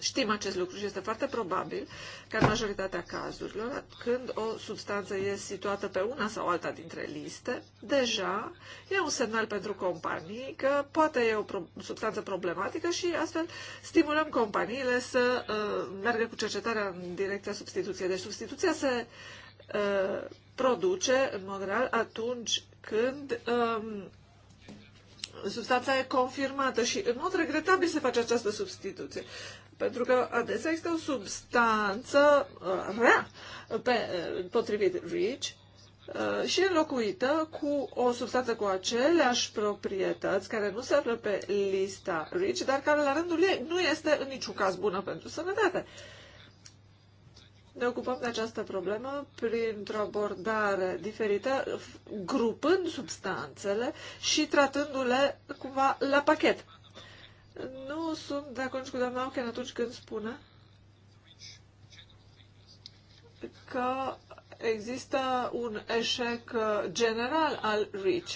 Știm acest lucru și este foarte probabil că în majoritatea cazurilor, când o substanță e situată pe una sau alta dintre liste, deja e un semnal pentru companii că poate e o pro- substanță problematică și astfel stimulăm companiile să uh, meargă cu cercetarea în direcția substituției. Deci substituția se uh, produce, în mod real, atunci când um, substanța e confirmată și, în mod regretabil, se face această substituție. Pentru că adesea este o substanță uh, rea pe, uh, potrivit Rich, uh, și înlocuită cu o substanță cu aceleași proprietăți care nu se află pe lista Rich, dar care la rândul ei nu este în niciun caz bună pentru sănătate. Uh, ne ocupăm de această problemă printr-o abordare diferită, grupând substanțele și tratându-le cumva la pachet. Nu sunt de acord cu doamna Auken atunci când spune că există un eșec uh, general al REACH.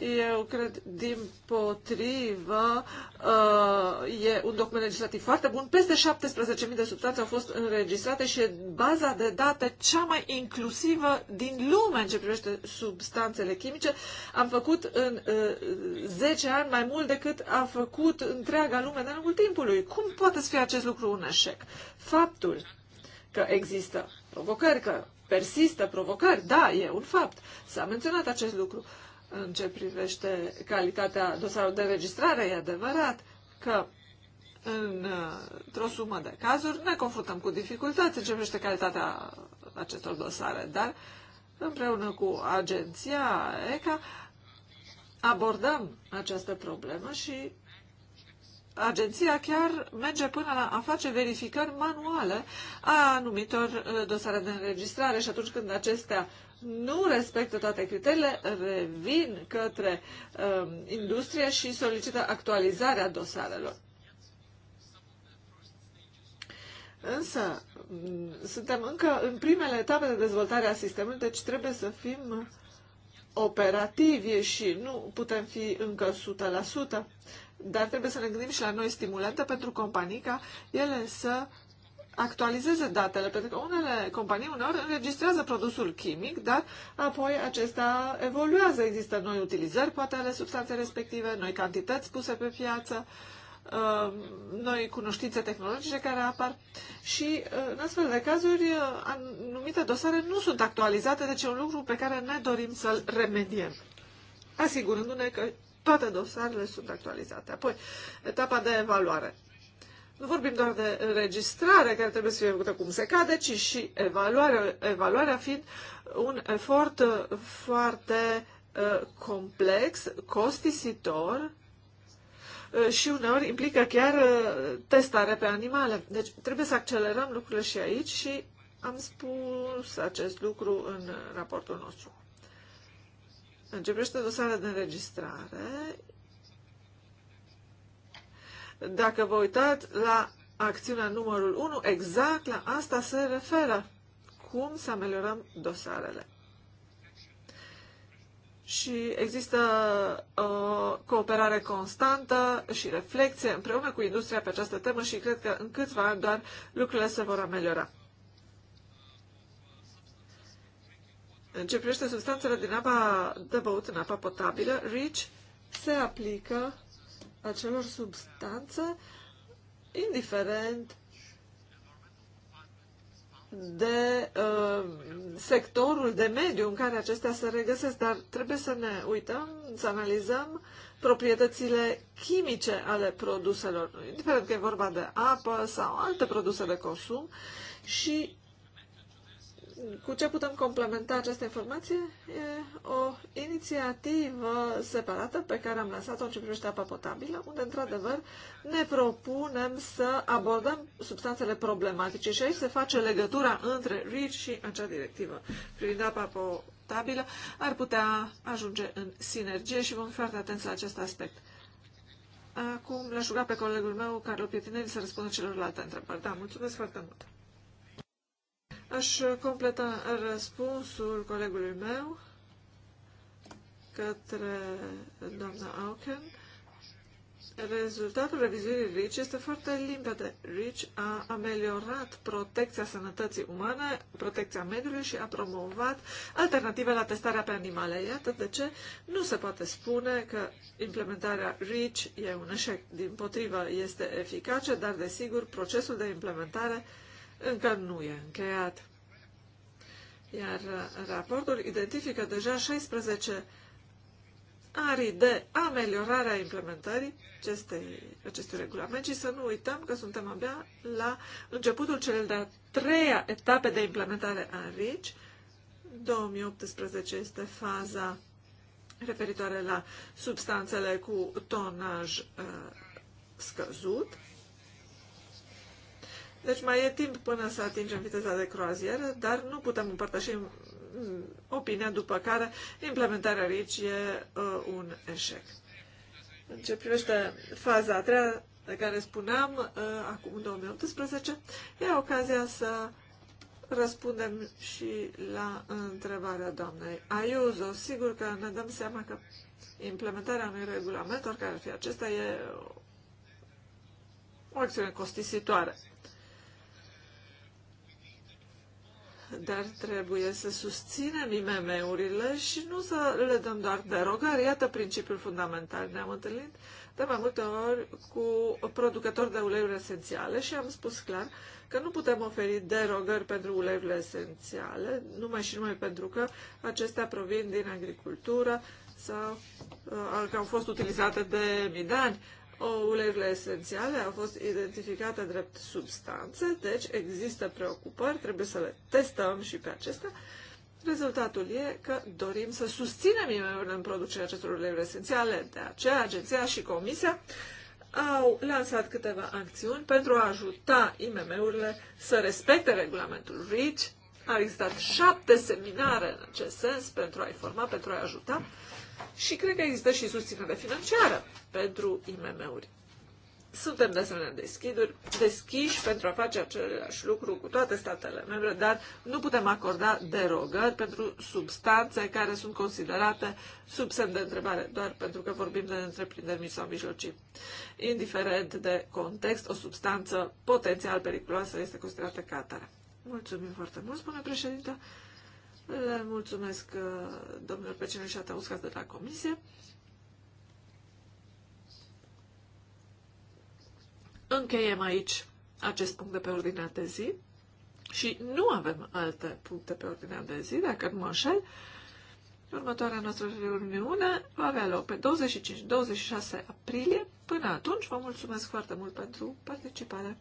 Eu cred, din potrivă, uh, e un document legislativ foarte bun. Peste 17.000 de substanțe au fost înregistrate și e baza de date cea mai inclusivă din lume în ce privește substanțele chimice. Am făcut în 10 uh, ani mai mult decât a făcut întreaga lume de lungul timpului. Cum poate să fie acest lucru un eșec? Faptul că există provocări, că persistă provocări, da, e un fapt. S-a menționat acest lucru. În ce privește calitatea dosarului de registrare, e adevărat că într-o sumă de cazuri ne confruntăm cu dificultăți în ce privește calitatea acestor dosare, dar împreună cu agenția ECA abordăm această problemă și agenția chiar merge până la a face verificări manuale a anumitor uh, dosare de înregistrare și atunci când acestea nu respectă toate criteriile, revin către uh, industrie și solicită actualizarea dosarelor. Însă, mm, suntem încă în primele etape de dezvoltare a sistemului, deci trebuie să fim operativi și nu putem fi încă 100%, dar trebuie să ne gândim și la noi stimulante pentru companii ca ele să actualizeze datele, pentru că unele companii uneori înregistrează produsul chimic, dar apoi acesta evoluează. Există noi utilizări, poate, ale substanței respective, noi cantități puse pe piață, uh, noi cunoștințe tehnologice care apar și, uh, în astfel de cazuri, uh, anumite dosare nu sunt actualizate, deci e un lucru pe care ne dorim să-l remediem, asigurându-ne că toate dosarele sunt actualizate. Apoi, etapa de evaluare. Nu vorbim doar de înregistrare care trebuie să fie făcută cum se cade, ci și evaluarea, evaluarea fiind un efort uh, foarte uh, complex, costisitor uh, și uneori implică chiar testare pe animale. Deci trebuie să accelerăm lucrurile și aici și am spus acest lucru în raportul nostru. Începește dosarea de înregistrare. Dacă vă uitați la acțiunea numărul 1, exact la asta se referă. Cum să ameliorăm dosarele. Și există o uh, cooperare constantă și reflexie împreună cu industria pe această temă și cred că în câțiva ani doar lucrurile se vor ameliora. În ce privește substanțele din apa de băut în apa potabilă, REACH se aplică acelor substanțe, indiferent de uh, sectorul de mediu în care acestea se regăsesc, dar trebuie să ne uităm, să analizăm proprietățile chimice ale produselor, indiferent că e vorba de apă sau alte produse de consum și cu ce putem complementa această informație e o inițiativă separată pe care am lansat-o în ce privește apa potabilă, unde, într-adevăr, ne propunem să abordăm substanțele problematice și aici se face legătura între REACH și acea directivă. Privind apa potabilă, ar putea ajunge în sinergie și vom fi foarte atenți la acest aspect. Acum l-aș ruga pe colegul meu, Carlo Pietinelli, să răspundă celorlalte întrebări. Da, mulțumesc foarte mult! Aș completa răspunsul colegului meu către doamna Auken. Rezultatul revizuirii RICH este foarte limpede. RICH a ameliorat protecția sănătății umane, protecția mediului și a promovat alternative la testarea pe animale. Iată de ce nu se poate spune că implementarea RICH e un eșec. Din potrivă, este eficace, dar desigur procesul de implementare uh, încă nu e încheiat. Iar raportul identifică deja 16 arii de ameliorare a implementării acestei, acestui regulament și să nu uităm că suntem abia la începutul celei de-a treia etape de implementare a RICI. 2018 este faza referitoare la substanțele cu tonaj uh, scăzut deci mai e timp până să atingem viteza de croazieră, dar nu putem împărtăși mm, opinia după care implementarea RICI e uh, un eșec. În ce privește faza a treia, de care spuneam, uh, acum în 2018, e ocazia să răspundem și la întrebarea doamnei Ayuso. Sigur că ne dăm seama că implementarea unui regulament, oricare ar fi acesta, e o acțiune costisitoare. dar trebuie să susținem IMM-urile și nu să le dăm doar derogări. Iată principiul fundamental. Ne-am întâlnit de mai multe ori cu producători de uleiuri esențiale și am spus clar că nu putem oferi derogări pentru uleiurile esențiale, numai și numai pentru că acestea provin din agricultură sau uh, că au fost utilizate de mii de ani. Uleiurile esențiale au fost identificate drept substanțe, deci există preocupări, trebuie să le testăm și pe acestea. Rezultatul e că dorim să susținem imm în producerea acestor uleiuri esențiale. De aceea, agenția și comisia au lansat câteva acțiuni pentru a ajuta IMM-urile să respecte regulamentul REACH. Au existat șapte seminare în acest sens pentru a-i forma, pentru a-i ajuta și cred că există și susținere financiară pentru IMM-uri. Suntem de asemenea deschiduri, deschiși pentru a face același lucru cu toate statele membre, dar nu putem acorda derogări pentru substanțe care sunt considerate sub semn de întrebare, doar pentru că vorbim de întreprinderi mici sau mijlocii. Indiferent de context, o substanță potențial periculoasă este considerată catare. Mulțumim foarte mult, spune președinte. Le mulțumesc uh, domnilor Pecinu și Atauscas de la Comisie. Încheiem aici acest punct de pe ordinea de zi și nu avem alte puncte pe ordinea de zi, dacă nu mă înșel. Următoarea noastră reuniune va avea loc pe 25-26 aprilie. Până atunci, vă mulțumesc foarte mult pentru participare.